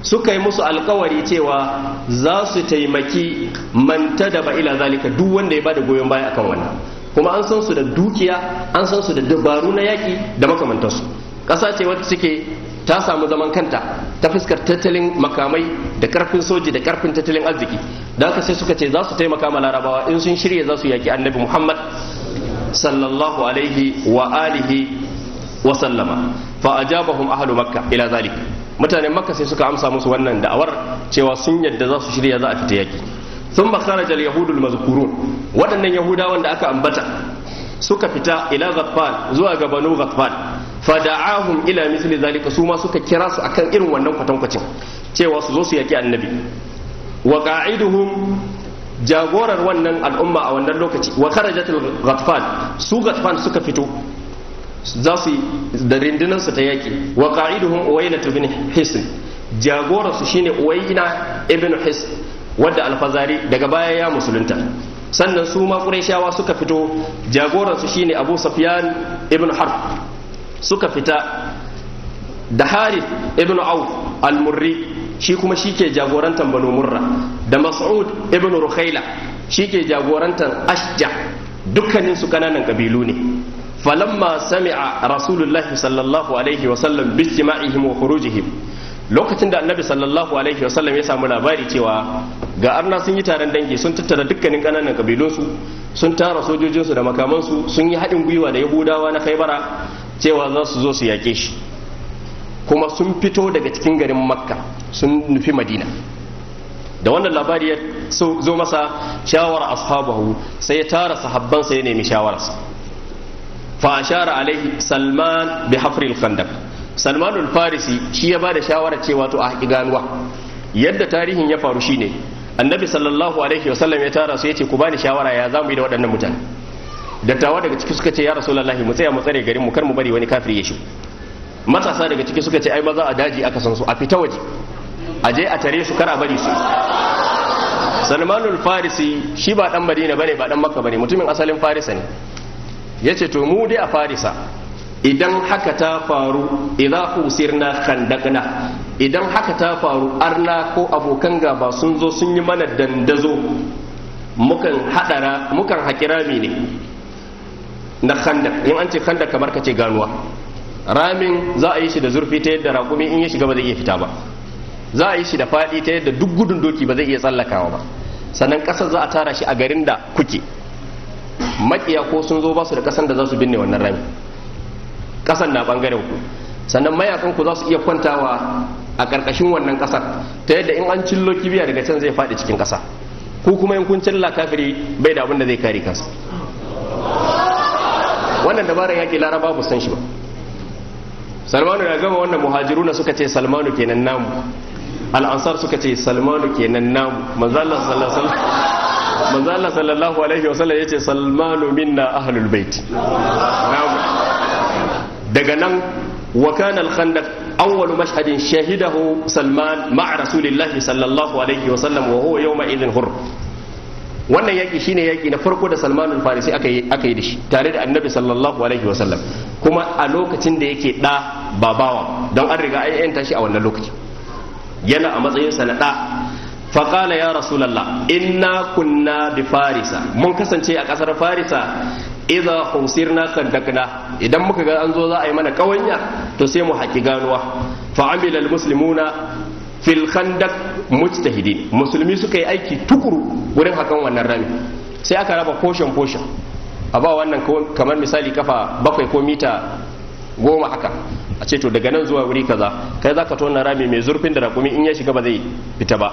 suka yi musu alkawari cewa za su taimaki manta da ila zalika duk wanda ya bada goyon baya akan wannan kuma an san su da dukiya an san su da dabaru na yaki da makamantarsu ƙasa ce wacce suke ta samu zaman kanta ta fuskar tattalin makamai da karfin soji da karfin tattalin arziki da haka sai suka ce za su taimaka ma larabawa in sun shirya za su yaƙi annabi muhammad sallallahu alaihi wa alihi wa sallama fa ajabahum ahlu makka ila zalika mutanen makka sai suka amsa musu wannan da'awar cewa sun yadda za su shirya za a fita yaki sun ba kharajal yahudul mazkurun waɗannan yahudawan da aka ambata suka fita ila ghatfan zuwa ga banu ghatfan fada'ahum ila misli zalika su ma suka kira su akan irin wannan kwatankwacin cewa su zo su yaki annabi wa qa'iduhum jagorar wannan al'umma a wannan lokaci wa kharajatul ghatfan su ghatfan suka fito za su da su ta yaƙi wa qa'iduhum uwayna ibn hisn jagoransu shine uwayna ibn hisn wadda alfazari daga baya ya musulunta sannan su ma qurayshawa suka fito jagoransu shine abu safyan ibn harb suka fita da harith ibn auf al-murri shi kuma shi ke jagorantar banu murra da mas'ud ibn rukhaila shike jagorantan ashja dukkanin su kananan kabilu ne falamma رسول الله صلى الله عليه وسلم wa وخروجهم lokacin da annabi sallallahu alaihi wasallam ya samu labari cewa ga arna sun yi taron dangi sun tattara dukkanin kananan kabilunsu sun tara sojojinsu da makamansu sun yi haɗin gwiwa da yahudawa na khaibara cewa za su zo su yaƙe shi kuma sun fito daga cikin garin makka sun nufi madina da wannan labari ya zo masa shawara ashabahu sai ya tara sahabbansa ya nemi shawararsa fa ashara alaihi salman bi hafril khandaq salmanul farisi shi ya bada shawara cewa to a haki ganuwa yadda tarihin ya faru shine annabi sallallahu alaihi sallam, ya tara su yace ku bani shawara ya zamu yi da waɗannan mutane dattawa daga ciki suka ce ya rasulullahi mu tsaya mu tsare garin mu kar mu bari wani kafiri ya shi matasa daga ciki suka ce ai maza a daji aka san su a fita waje a je a tare su kar a bari su salmanul farisi shi ba dan madina bane ba dan makka bane mutumin asalin farisa ne ya ce to mu dai a farisa idan haka ta faru idan husirna khandakna idan haka ta faru arna ko abokan gaba sun zo sun yi mana dandazo mukan hadara mukan haƙi rami ne na khandak in an ce khandak kamar ka ce ganuwa ramin za a yi shi da zurfi ta yadda rakumi in ya shiga ba zai iya fita ba za a yi shi da fadi ta yadda duk gudun doki ba zai iya tsallakawa ba sannan ƙasar za a tara shi a garin da kuke makiya ko sun zo basu da kasan da za su binne wannan rami kasan na bangaren ku sannan mayakan ku za su iya kwantawa a karkashin wannan kasar ta yadda in an cillo kibiya daga can zai faɗi cikin kasa ku kuma in kun cilla kafiri bai da abin da zai kare kansa wannan dabarar yaƙi laraba ba san shi ba salmanu ya gama wannan muhajiruna suka ce salmanu kenan namu al'ansar suka ce salmanu kenan namu manzalar sallallahu alaihi manzo Allah sallallahu alaihi wasallam yace salmanu minna ahlul bait daga nan wa kana al-khandaq awwal mashhadin shahidahu salman ma'a rasulillah sallallahu alaihi wasallam wa huwa yawma idhin hur wannan yaƙi shine yaƙi na farko da al farisi akai akai da shi tare da annabi sallallahu alaihi wasallam kuma a lokacin da yake ɗa babawa don an riga an shi a wannan lokaci yana a matsayin na فقال يا رسول الله farisa كنا بفارسة من كسن شيء أكثر فارسة إذا خسرنا صدقنا إذا مكا أنزو to sai mu تسيمو حكي غانوا فعمل المسلمون في الخندق مجتهدين مسلمي aiki tukuru تكرو ورن wannan rami sai aka raba portion portion a ba wannan kamar misali kafa bakwai ko mita goma haka a ce to daga nan zuwa wuri kaza kai za ka tona rami mai zurfin da rakumi in ya shiga ba zai fita ba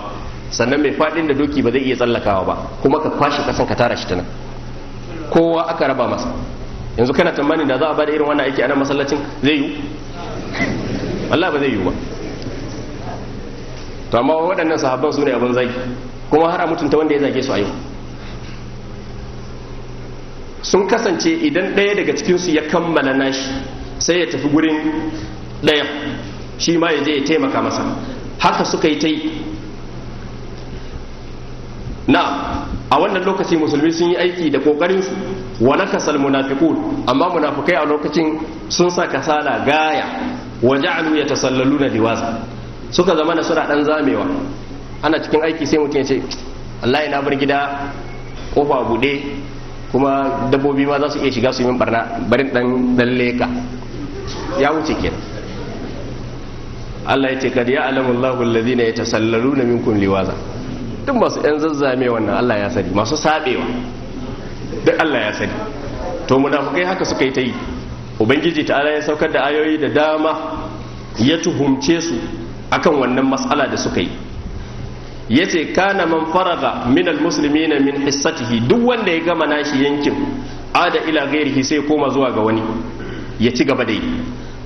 sannan mai faɗin da doki ba zai iya tsallakawa ba kuma ka kwashe kasan ka tara shi ta nan kowa aka raba masa yanzu kana tambani da za a bada irin wannan aiki a nan masallacin zai yiwu Allah ba zai yiwu ba to amma waɗannan sahabban su ne abin zagi kuma har a mutunta wanda ya zage su a yau sun kasance idan ɗaya daga cikinsu ya kammala nashi sai ya tafi gurin ɗaya shi ma ya je ya taimaka masa haka suka yi ta yi na a wannan lokaci musulmi sun yi aiki da kokarin su wa kasal munafiqun amma munafikai a lokacin sun sa kasala gaya wa ja'alu yatasallaluna liwaza suka zama na suna dan zamewa ana cikin aiki sai mutum ya ce Allah na bar gida kofa bude kuma dabbobi ma za su iya shiga su yi min barna barin dan dan leka ya wuce kenan Allah ya ce kad ya alamu Allahu alladhina yatasallaluna minkum liwaza duk masu yan zazzame wannan Allah ya sani masu sabewa duk Allah ya sani to munafukai haka suka yi ta yi ubangiji ta'ala ya saukar da ayoyi da dama ya tuhumce su akan wannan matsala da suka yi ya ce kana man faraga min almuslimina min hissatihi duk wanda ya gama nashi yankin ada ila ghairihi sai koma zuwa ga wani ya ci gaba da yi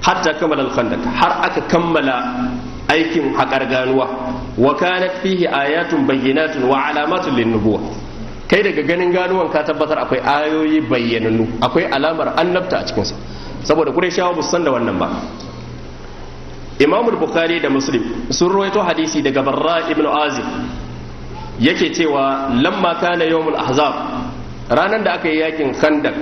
hatta kammala alkhandak har aka kammala aikin haƙar ganuwa wa kanat fihi ayatun bayyinatun wa alamatun linnubuwa kai daga ganin ganuwan ka tabbatar akwai ayoyi bayyanannu akwai alamar annabta a sa saboda qurayshawa ba san da wannan ba imamu bukhari da muslim sun rawaito hadisi daga barra ibn azib yake cewa lamma kana yawmul ahzab ranar da aka yi yakin khandak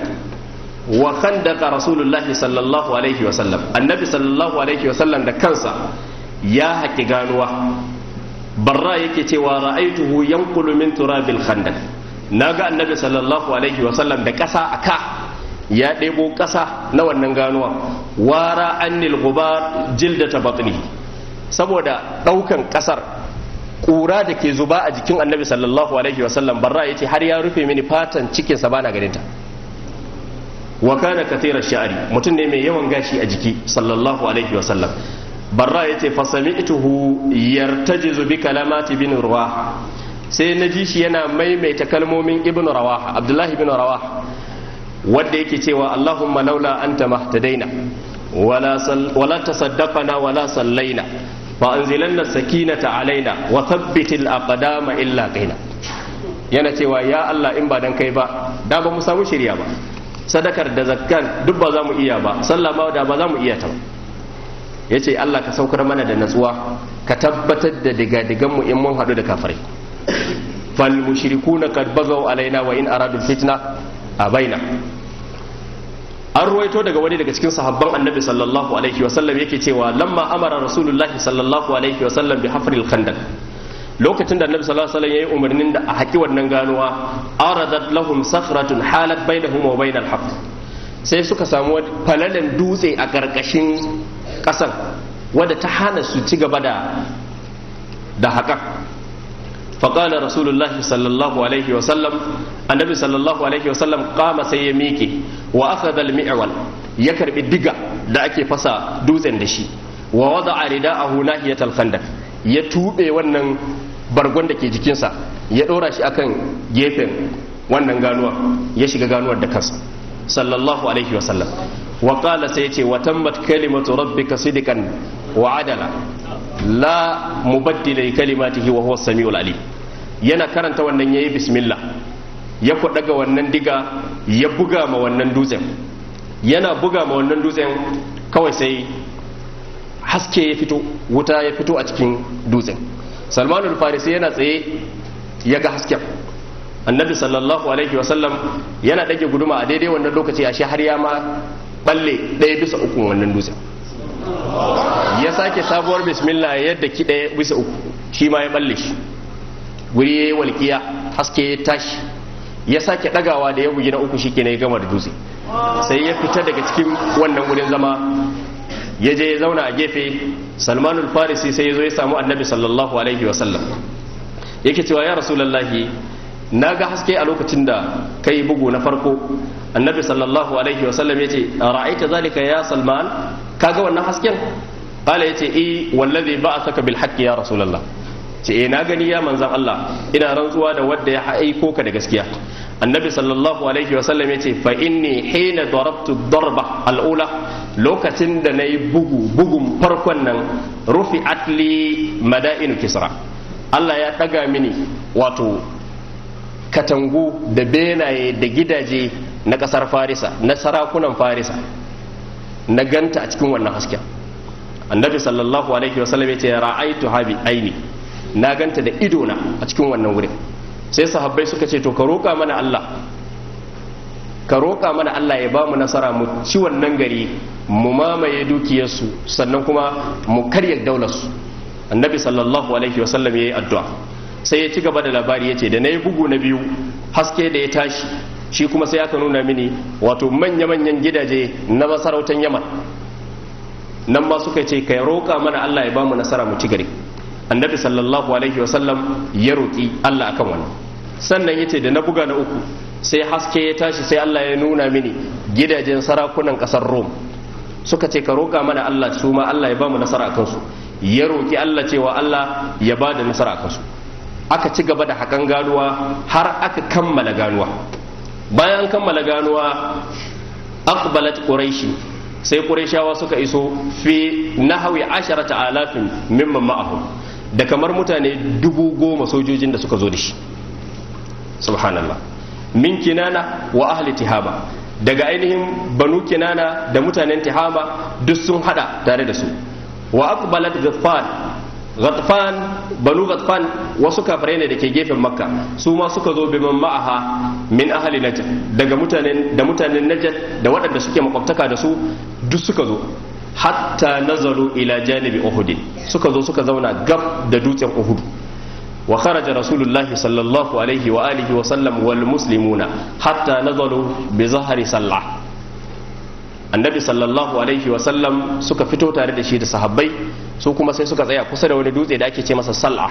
wa khandaka rasulullahi sallallahu alaihi wasallam annabi sallallahu alaihi wasallam da kansa ya haƙi ganuwa barra yake cewa ra'aituhu yankulu min turabil khandaq naga annabi sallallahu alaihi wa sallam da ƙasa a ka ya ɗebo ƙasa na wannan ganuwa wara annil gubar jildata batni saboda ɗaukan ƙasar ƙura da ke zuba a jikin annabi sallallahu alaihi wa sallam barra yace har ya rufe mini fatan cikinsa bana ganinta wa kana katira sha'ari mutum ne mai yawan gashi a jiki sallallahu alaihi wa sallam barra ya ce fasami'tuhu yartajizu bi kalamati bin ruwa sai na ji shi yana maimaita kalmomin ibn rawaha abdullahi ibn rawaha wanda yake cewa allahumma laula anta mahtadaina wala tasaddaqana wala sallaina fa anzilanna sakinata alaina wa thabbitil aqdama illa qaina yana cewa ya allah in ba dan kai ba da ba mu samu shirya ba sadakar da zakkan duk ba za mu iya ba sallah ma da ba za mu iya ta ba ya ce Allah ka saukar mana da natsuwa ka tabbatar da mu in mun haɗu da kafirai fal mushrikuna qad bagaw alaina wa in aradu fitna abaina an ruwaito daga wani daga cikin sahabban annabi sallallahu alaihi wa sallam yake cewa lamma amara rasulullahi sallallahu alaihi wa sallam bi al khandaq lokacin da annabi sallallahu alaihi wa sallam yayi umarnin da a haki wannan ganuwa aradat lahum sakhratun halat bainahum wa bainal haqq sai suka samu falalan dutse a karkashin ƙasar wadda ta hana su ci gaba da da haƙar faƙalar rasulullahi sallallahu alaihi wasallam annabi sallallahu alaihi wasallam kama sai ya miƙe wa aka mi'wal ya karbi diga da ake fasa dutsen da shi wa wada a rida a hulahiyatal ya tuɓe wannan bargon da ke jikinsa ya ɗora shi akan gefen wannan ganuwa ya shiga ganuwar da kansa sallallahu alaihi wasallam wa sai ce wa tambat kalimatu rabbika sidikan wa adala la mubaddila li kalimatihi wa huwa samiul alim yana karanta wannan yayi bismillah ya ku daga wannan diga ya buga ma wannan dutsen yana buga ma wannan dutsen kawai sai haske ya fito wuta ya fito a cikin dutsen salmanul farisi yana tsaye ya ga hasken annabi sallallahu alaihi wasallam yana ɗage guduma a daidai wannan lokaci a har ya ma balle ɗaya bisa uku wannan dutsen ya sake sabuwar bismillah yadda ki ɗaya bisa uku shi ma ya balle shi wuri ya yi walƙiya haske ya tashi ya sake ɗagawa da ya bugi na uku shi ya gama da dutse sai ya fita daga cikin wannan wurin zama ya je ya zauna a gefe salmanul farisi sai ya zo ya samu annabi sallallahu alaihi wasallam yake cewa ya rasulallahi na ga haske a lokacin da kai bugu na farko annabi sallallahu alaihi wasallam yace ra'aita zalika ya salman kaga wannan hasken qala yace i eh, wallazi ba'athaka bil haqqi ya rasulullah ce eh na gani ya manzan Allah ina rantsuwa da wanda ya aiko ka da gaskiya annabi sallallahu alaihi wasallam yace fa inni hina darabtu darba al'ula lokacin da nayi bugu bugun farkon nan rufi atli mada'inu kisra Allah ya daga mini wato katangu da benaye da gidaje na kasar farisa na sarakunan farisa na ganta a cikin wannan hasken annabi sallallahu alaihi wasallam ya ce ra'aitu habi aini na ganta da ido na a cikin wannan wurin sai sahabbai suka ce to ka roƙa mana Allah ka roƙa mana Allah ya ba mu nasara mu ci wannan gari mu mamaye dukiyarsu sannan kuma mu karya daularsu annabi sallallahu alaihi wasallam ya addu'a sai ya ci gaba da labari ya ce da na yi bugu na biyu haske da ya tashi shi kuma sai aka nuna mini wato manya-manyan gidaje na masarautar yaman nan ba suka ce kai roƙa mana allah ya ba mu nasara mu ci gari annabi sallallahu alaihi wasallam ya roƙi allah akan wani sannan ya ce da na buga na uku sai haske ya tashi sai allah ya nuna mini gidajen sarakunan ƙasar rom suka ce ka roƙa mana allah su ma allah ya ba mu nasara a kansu ya roƙi allah cewa allah ya ba da nasara a kansu aka ci gaba da hakan ganuwa har aka kammala ganuwa bayan kammala ganuwa aqbalat quraishi sai quraishawa suka iso fi nahwi asharata alafin mimman ma'ahum da kamar mutane dubu goma sojojin da suka zo da shi subhanallah min kinana wa ahli tihaba daga ainihin banu kinana da mutanen tihaba duk sun hada tare da su wa aqbalat ghaffar ghatfan banu ghatfan wasu kafirai ne da ke gefen makka su ma suka zo bi man ma'aha min ahli najd daga mutanen da mutanen najd da waɗanda suke makwabtaka da su duk suka zo hatta na nazaru ila janibi uhud suka zo suka zauna gab da dutsen uhud wa kharaja rasulullahi sallallahu alaihi wa alihi wa sallam wal muslimuna hatta nazaru bi zahari sallah annabi sallallahu alaihi wasallam suka fito tare da shi da sahabbai su kuma sai suka tsaya kusa da wani dutse da ake ce masa sal'a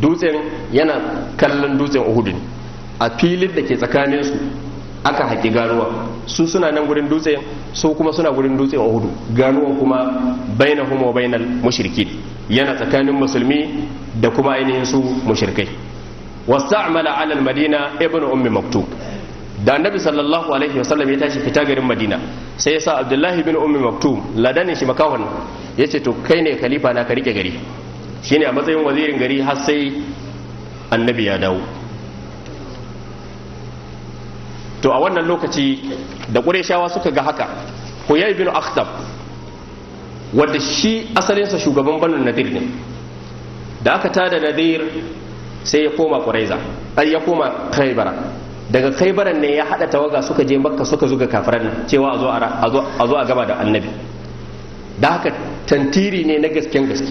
dutsen yana kallon dutsen uhudin a filin da ke tsakanin su aka haƙi ganuwa su suna nan gurin dutse su kuma suna gurin dutse uhudu ganuwan kuma baina wa bainal mushrikin yana tsakanin musulmi da kuma ainihin su mushrikai wasta'mala ala al-madina ibnu ummi maktub da annabi sallallahu alaihi wa sallam ya tashi fita garin madina sai ya sa abdullahi bin ummi maktum ladanin shi makawan ya ce to kai ne khalifa na ka rike gari shine a matsayin wazirin gari har sai annabi ya dawo to a wannan lokaci da ƙureshawa suka ga haka huyai bin akhtab wanda shi asalinsa shugaban banu nadir ne da aka tada nadir sai ya koma ƙuraiza ai ya koma khaibara daga khaybaran ne ya hada tawaga suka je makka suka zuga kafiran cewa a zo a gaba da annabi da haka tantiri ne na gasken gaske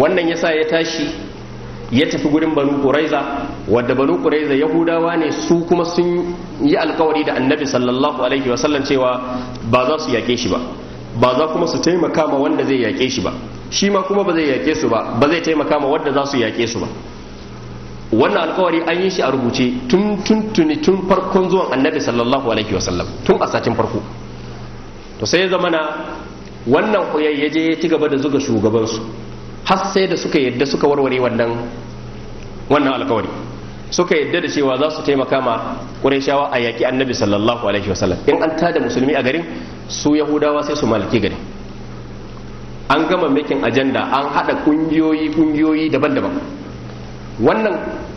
wannan yasa ya tashi ya tafi gurin banu quraiza wadda banu quraiza yahudawa ne su kuma sun yi alkawari da annabi sallallahu alaihi wa sallam, cewa ba za su yake shi ba ba za kuma su taimaka ma wanda zai yake shi ba shi ma kuma ba zai yake su ba ba zai taimaka ma wanda za su yake su ba wannan alkawari an yi shi a rubuce tun tun tun farkon zuwan annabi sallallahu alaihi wasallam tun a satin farko to sai ya zama na wannan koyayya je ya ci gaba da zuga shugabansu har sai da suka yadda suka warware wannan wannan alkawari suka yadda da cewa za su taimaka ma ƙurayshawa a yaƙi annabi sallallahu alaihi wasallam in an tada musulmi a garin su yahudawa sai su malaki garin an gama makin ajanda an haɗa ƙungiyoyi ƙungiyoyi daban-daban wannan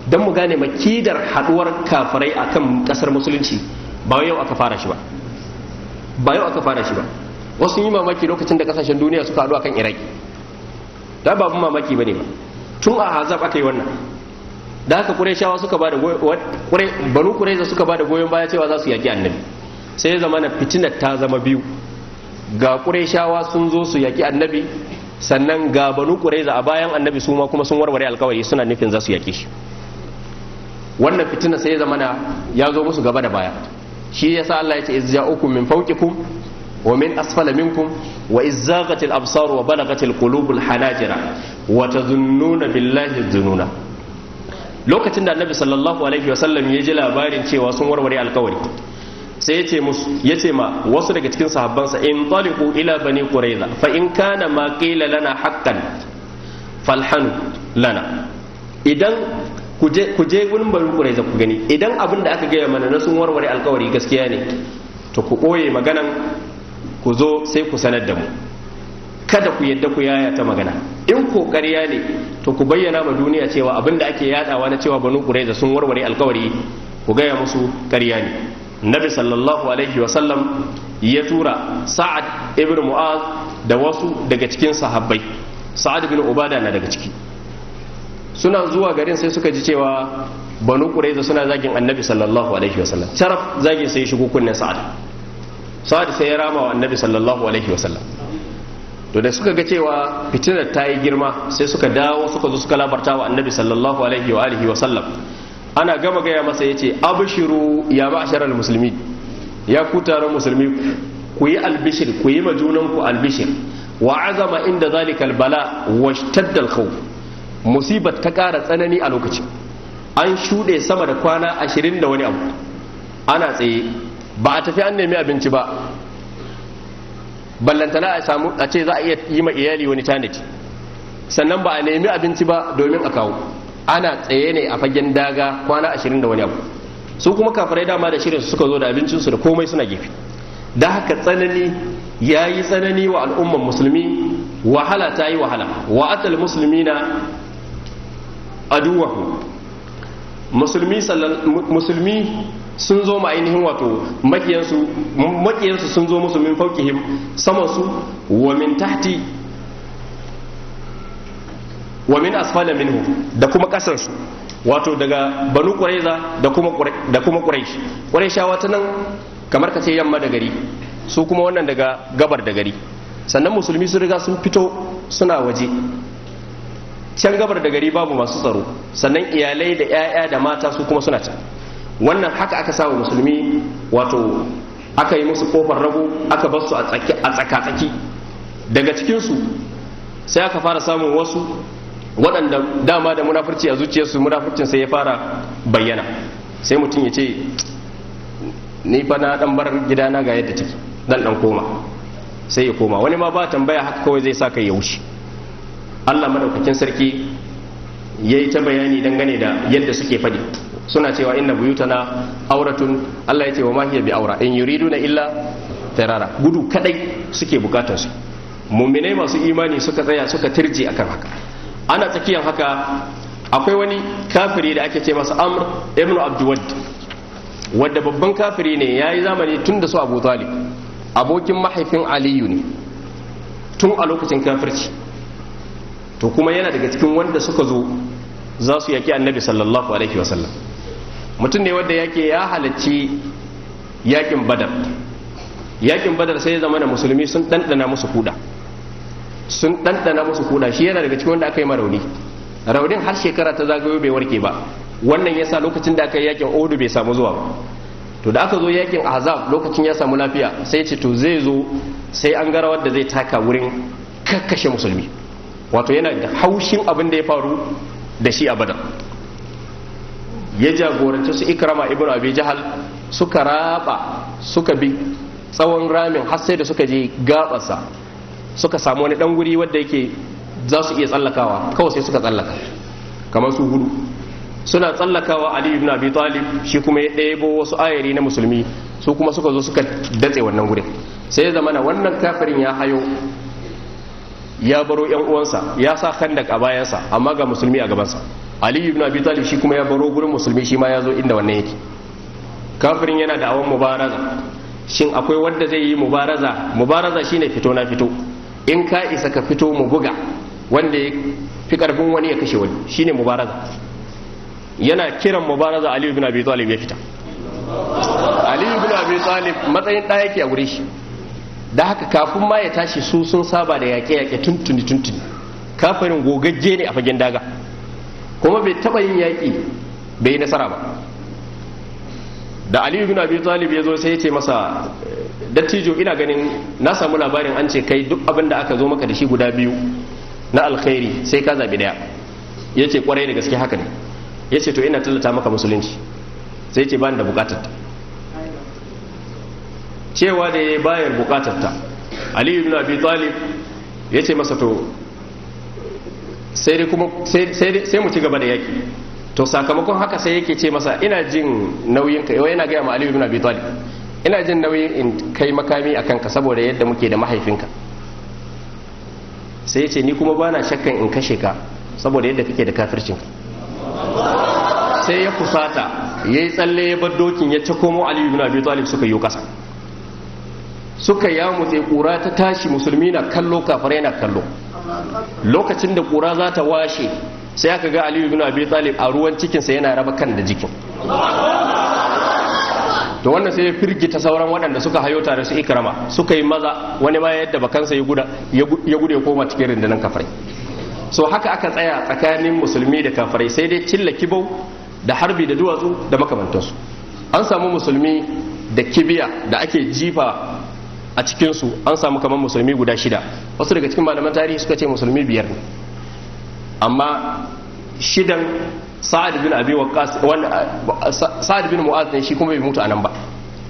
don mu gane makidar haduwar kafirai akan kasar musulunci ba yau aka fara shi ba ba yau aka fara shi ba wasu yi mamaki lokacin da kasashen duniya suka haɗu akan iraki da babu mamaki ba ne ba tun a hazab aka yi wannan da haka shawa suka goyon banu za suka da goyon baya cewa za su yaki annabi sai ya zama na fitinar ta zama biyu ga shawa sun zo su yaki annabi sannan ga banu za a bayan annabi su ma kuma sun warware alkawari suna nufin za su yaki shi wannan fitina sai ya zamana ya zo musu gaba da baya shi ya sa Allah ya ce iz uku min fawqikum wa min asfala minkum wa izzaqatil absar wa balagatil qulubul hanajira wa tazunnuna billahi dhununa lokacin da annabi sallallahu alaihi wa sallam ya ji labarin cewa sun warware alkawari sai yace musu yace ma wasu daga cikin sahabbansa in taliqu ila bani quraiza fa in kana ma qila lana haqqan falhanu lana idan ku je gurin ku ƙuraiza ku gani idan abin da aka gaya mana na sun warware alkawari gaskiya ne to ku ɓoye maganan ku zo sai ku sanar da mu kada ku yadda ku yaya ta magana in ko ƙarya ne to ku bayyana ma duniya cewa abin da ake yadawa na cewa banu ƙuraiza sun warware alkawari ku gaya musu ƙarya ne nabi sallallahu alaihi wa sallam ya tura sa'ad ibn mu'az da wasu daga cikin sahabbai sa'ad ibn ubada na daga ciki suna zuwa garin sai suka ji cewa banu ƙuraiza suna zagin annabi sallallahu alaihi wasallam sharaf zagin sai shigo kunnen sa'ad sa'ad sai ya rama wa annabi sallallahu alaihi wasallam to da suka ga cewa fitinar ta yi girma sai suka dawo suka zo suka labarta wa annabi sallallahu alaihi wa alihi wasallam ana gama gaya masa ya ce abishiru ya ma'asharar musulmi ya ku taron musulmi ku yi albishir ku yi majunanku albishir wa azama inda zalikal bala wa khawf musibar ta ƙara tsanani a lokacin an shuɗe sama da kwana ashirin da wani abu ana tsaye ba a tafi an nemi abinci ba ballantana a samu a ce za a iya yi ma iyali wani tanadi sannan ba a nemi abinci ba domin a kawo ana tsaye ne a fagen daga kwana ashirin da wani abu su kuma kafirai dama da shirin suka zo da abincinsu da komai suna gefe da haka tsanani ya yi tsanani wa al'umman musulmi wahala ta yi wahala wa musulmi na aduwahu musulmi musulmi sun zo ma ainihin wato makiyansu makiyansu sun zo musu min fawqihim sama su wa min tahti wa min asfala minhu da kuma kasar su wato daga banu quraiza da kuma da kuma quraish quraishawa ta nan kamar ka ce yamma da gari su kuma wannan daga gabar da gari sannan musulmi sun riga sun fito suna waje can gabar da gari babu masu tsaro sannan iyalai da 'ya'ya da mata su kuma suna can wannan haka aka samu musulmi wato aka yi musu kofar rabo aka basu a tsaka-tsaki daga cikinsu sai aka fara samun wasu waɗanda dama da munafurci a zuciyarsu munafurcin sai ya fara bayyana sai mutum ya ce ni fa na dan bar gidana ga yadda take dan dan koma sai ya koma wani ma ba tambaya haka kawai zai sa kai ya wuce Allah madaukakin sarki ya yi ta bayani dangane da yadda suke faɗi suna cewa inna buyutana auratun Allah ya ce wa ma hiya bi aura in yuridu na illa tarara gudu kadai suke bukatar su muminai masu imani suka tsaya suka tirje akan haka ana tsakiyar haka akwai wani kafiri da ake ce masa amr ibn abduwad wadda babban kafiri ne ya yi zamani tun da su abu talib abokin mahaifin aliyu ne tun a lokacin kafirci to kuma yana daga cikin wanda suka zo za su yaki annabi sallallahu alaihi wasallam mutum ne wanda yake ya halarci yakin badar yakin badar sai ya zama da musulmi sun ɗanɗana musu kuda sun ɗanɗana musu kuda shi yana daga cikin wanda aka yi marauni raunin har shekara ta zagayo bai warke ba wannan ya sa lokacin da aka yi yakin odu bai samu zuwa ba to da aka zo yakin azab lokacin ya samu lafiya sai ce to zai zo sai an ga rawar da zai taka wurin kakkashe musulmi wato yana da haushin abin da ya faru da shi a ya jagoranci su ikrama ibn abi jahal suka raba suka bi tsawon ramin har sai da suka je gabarsa suka samu wani dan guri wanda yake za su iya tsallakawa kawai sai suka tsallaka kamar su hudu suna tsallakawa ali ibn abi talib shi kuma ya ɗebo wasu ayari na musulmi su kuma suka zo suka datse wannan gurin sai ya zamana wannan kafirin ya hayo ya baro yan uwansa ya sa khandak a bayansa amma ga musulmi a gabansa ali ibn abi talib shi kuma ya baro gurin musulmi shi ma ya zo inda wannan yake kafirin yana da awon mubaraza shin akwai wanda zai yi mubaraza mubaraza shine fito na fito in ka isa ka fito mu buga wanda ya fi karfin wani ya kashe wani shine mubaraza yana kiran mubaraza ali ibn abi talib ya fita ali ibn abi talib matsayin ɗaya yake a gure shi da haka kafin ma ya tashi su sun saba da yake-yake tuntuni tuntuni kafirin gogagge ne a fagen daga kuma bai taɓa yin yaki bai yi nasara ba da aliyu bin abi talib ya zo sai ya ce masa dattijo ina ganin na samu labarin an ce kai duk abin da aka zo maka da shi guda biyu na alkhairi sai ka zabi daya ya ce kwarai da gaske haka ne ya ce to ina tallata maka musulunci sai ce ni da bukatar cewa da ya bayar bukatar ta ali ibn abi talib ce masa to sai mu ci gaba da yaki to sakamakon haka sai yake ce masa ina jin nauyin ka yana gaya ma ali ibn abi talib ina jin nauyin in kai makami a kanka saboda yadda muke da mahaifinka sai ce ni kuma ba na shakkan in kashe ka saboda yadda kake da kafircin sai ya kusata ya yi tsalle ya bar dokin ya ci komo ali ibn abi talib suka yi kasa suka ya mutse kura ta tashi musulmi na kallo kafare na kallo lokacin da kura za ta washe sai aka ga aliyu bin abi talib a ruwan cikinsa yana raba kan da jikin to wannan sai ya firgita sauran waɗanda suka hayo tare su ikrama suka yi maza wani ma yadda bakansa ya gude koma cikin rundunar kafare. so haka aka tsaya tsakanin musulmi da kafare sai dai cilla kibau da harbi da duwatsu da makamantansu an samu musulmi da kibiya da ake jifa a cikinsu an samu kamar musulmi guda shida wasu daga cikin malaman tarihi suka ce musulmi biyar ne amma shidan sa'ad bin abi wanda sa'ad bin mu'az ne shi kuma bai mutu anan ba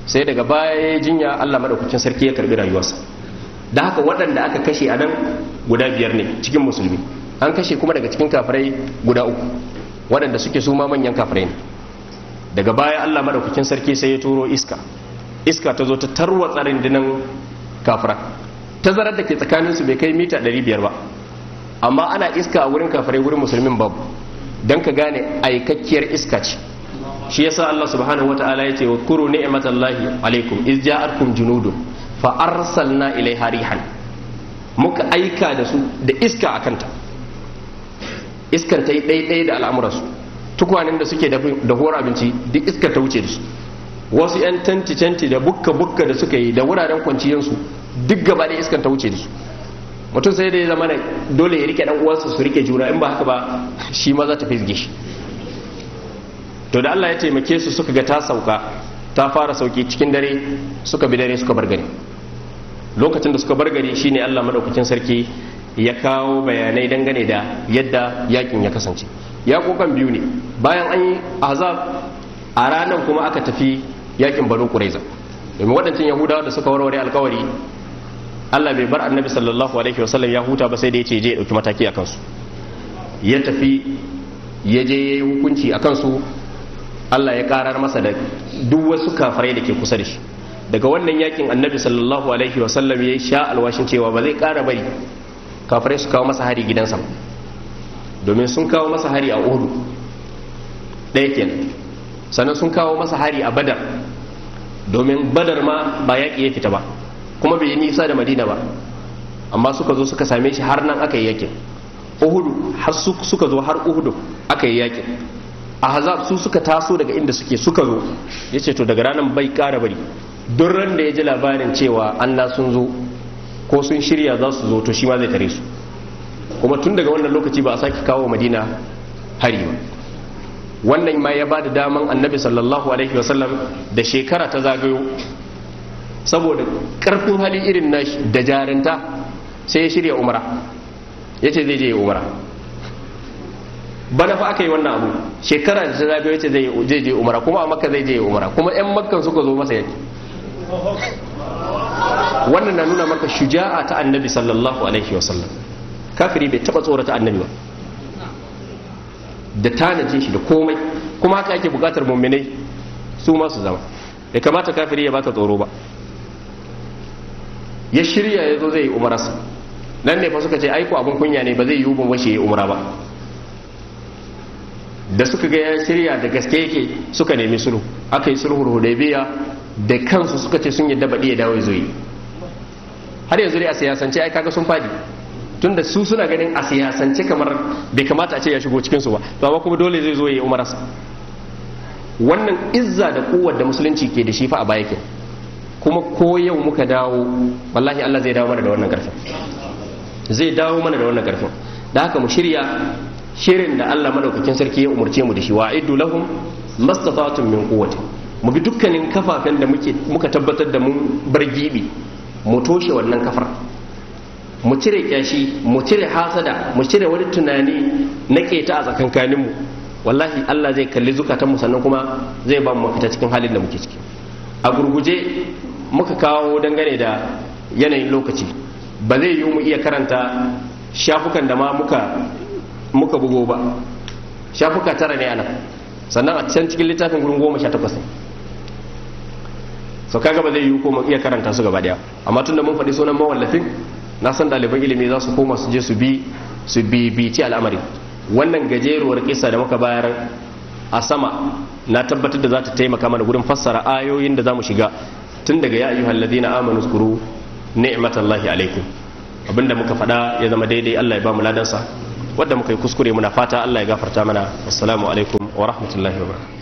sai daga baya jinya Allah madaukakin sarki ya karbi rayuwarsa da haka waɗanda aka kashe anan guda biyar ne cikin musulmi an kashe kuma daga cikin kafirai guda uku waɗanda suke su ma manyan kafirai ne daga baya Allah madaukakin sarki sai ya turo iska iska ta zo ta tarwatsa dinan kafara, tazarar da ke tsakanin su bai kai mita 500 ba amma ana iska a wurin kafirai wurin musulmin babu don ka gane aikakkiyar iska ce shi yasa Allah subhanahu wata'ala ya ce wa kuru Allah alaikum iz ja'arkum junudun fa arsalna ilai harihan muka aika da su da iska a kanta iskar ta yi ɗaiɗai da al'amuransu tukwanin da suke da abinci duk iskar ta wuce da su wasu 'yan tantance da bukka-bukka da suka yi da wuraren kwanciyarsu duk gaba da iskan ta wuce da su mutum sai da ya zama dole ya rike dan uwansa su rike juna in ba haka ba shi ma za ta fizge shi to da Allah ya taimake su suka ga ta sauka ta fara sauki cikin dare suka bi dare suka bar gari lokacin da suka bar gari shine Allah madaukakin sarki ya kawo bayanai dangane da yadda yakin ya kasance kokan biyu ne bayan an yi azab a ranar kuma aka tafi yakin banu quraiza domin waɗancan yahudawa da suka warware alkawari Allah bai bar annabi sallallahu alaihi wasallam ya huta ba sai da ya je ya dauki mataki a kansu ya tafi ya je ya yi hukunci a kansu Allah ya karar masa da duk wasu kafirai da ke kusa da shi daga wannan yakin annabi sallallahu alaihi wasallam ya sha alwashin cewa ba zai kara bari kafirai su kawo masa hari gidansa domin sun kawo masa hari a Uhud ɗaya kenan sannan sun kawo masa hari a badar domin badar ma ba yaƙi ya fita ba kuma bai yi nisa da madina ba amma suka zo suka same shi har nan aka yi yakin uhudu har suka zo har uhudu aka yi yakin haza su suka taso daga inda suke suka zo ya ce to daga ranar bai ƙara bari don ran da ya ji labarin cewa allah sun zo ko sun shirya za su zo to shi ma zai tare su kuma tun daga wannan lokaci ba a sake kawo madina hari ba wannan ma ya ba da daman annabi sallallahu alaihi wasallam da shekara ta zagayo saboda karfin hali irin na da jarinta sai ya shirya umara ya ce zai je ya umara bana fa aka yi wannan abu shekara da ta zagayo ya ce zai je umara kuma a makka zai je umara kuma 'yan makkan suka zo masa yaki wannan na nuna maka shuja'a ta annabi sallallahu alaihi wasallam kafiri bai taba tsorata annabi ba da tanajin shi da komai kuma haka yake bukatar muminai su ma su zama ya kamata kafiri ya baka tsoro ba ya shirya ya zo zai yi umararsa nan ne fa suka ce aiko abin kunya ne ba zai yi ban washe ya yi umara ba da suka ga ya shirya da gaske yake suka nemi sulhu aka yi da hudaybiya da kansu suka ce sun yadda baɗi ya dawo ya zo yi har yanzu dai a siyasance ai kaga sun fadi tunda su suna ganin a siyasance kamar bai kamata a ce ya shigo cikin su ba to amma kuma dole zai zo ya yi umarasa. wannan izza da kuwar da musulunci ke da shi fa a baya ke kuma ko yau muka dawo wallahi Allah zai dawo mana da wannan karfin zai dawo mana da wannan karfin da haka mu shirya shirin da Allah madaukakin sarki ya umarce mu da shi wa'iddu lahum mastata'tum min quwwati mu bi dukkanin kafafen da muke muka tabbatar da mun bar gibi mu toshe wannan kafar mu cire kyashi mu cire hasada mu cire wani tunani na keta a mu wallahi Allah zai kalli mu sannan kuma zai ba mu mafita cikin halin da muke ciki a gurguje muka kawo dangane da yanayin lokaci ba zai yiwu mu iya karanta shafukan da ma muka muka bugo ba shafuka tara ne anan sannan a can cikin littafin gurin goma sha takwas so kaga ba zai yi ko mu iya karanta su gaba daya amma tunda mun faɗi sunan mawallafin na san ɗaliban ilimi za su koma su je su bi su bibici al'amari wannan gajeruwar kisa da muka bayar a sama na tabbatar da za ta taimaka mana gurin fassara ayoyin da za mu shiga tun daga ya ayyuhal ladina amanu zkuru ni'matallahi alaikum abinda muka faɗa ya zama daidai Allah ya ba mu ladansa wanda muka yi kuskure muna fata Allah ya gafarta mana assalamu alaikum wa rahmatullahi wa barakatuh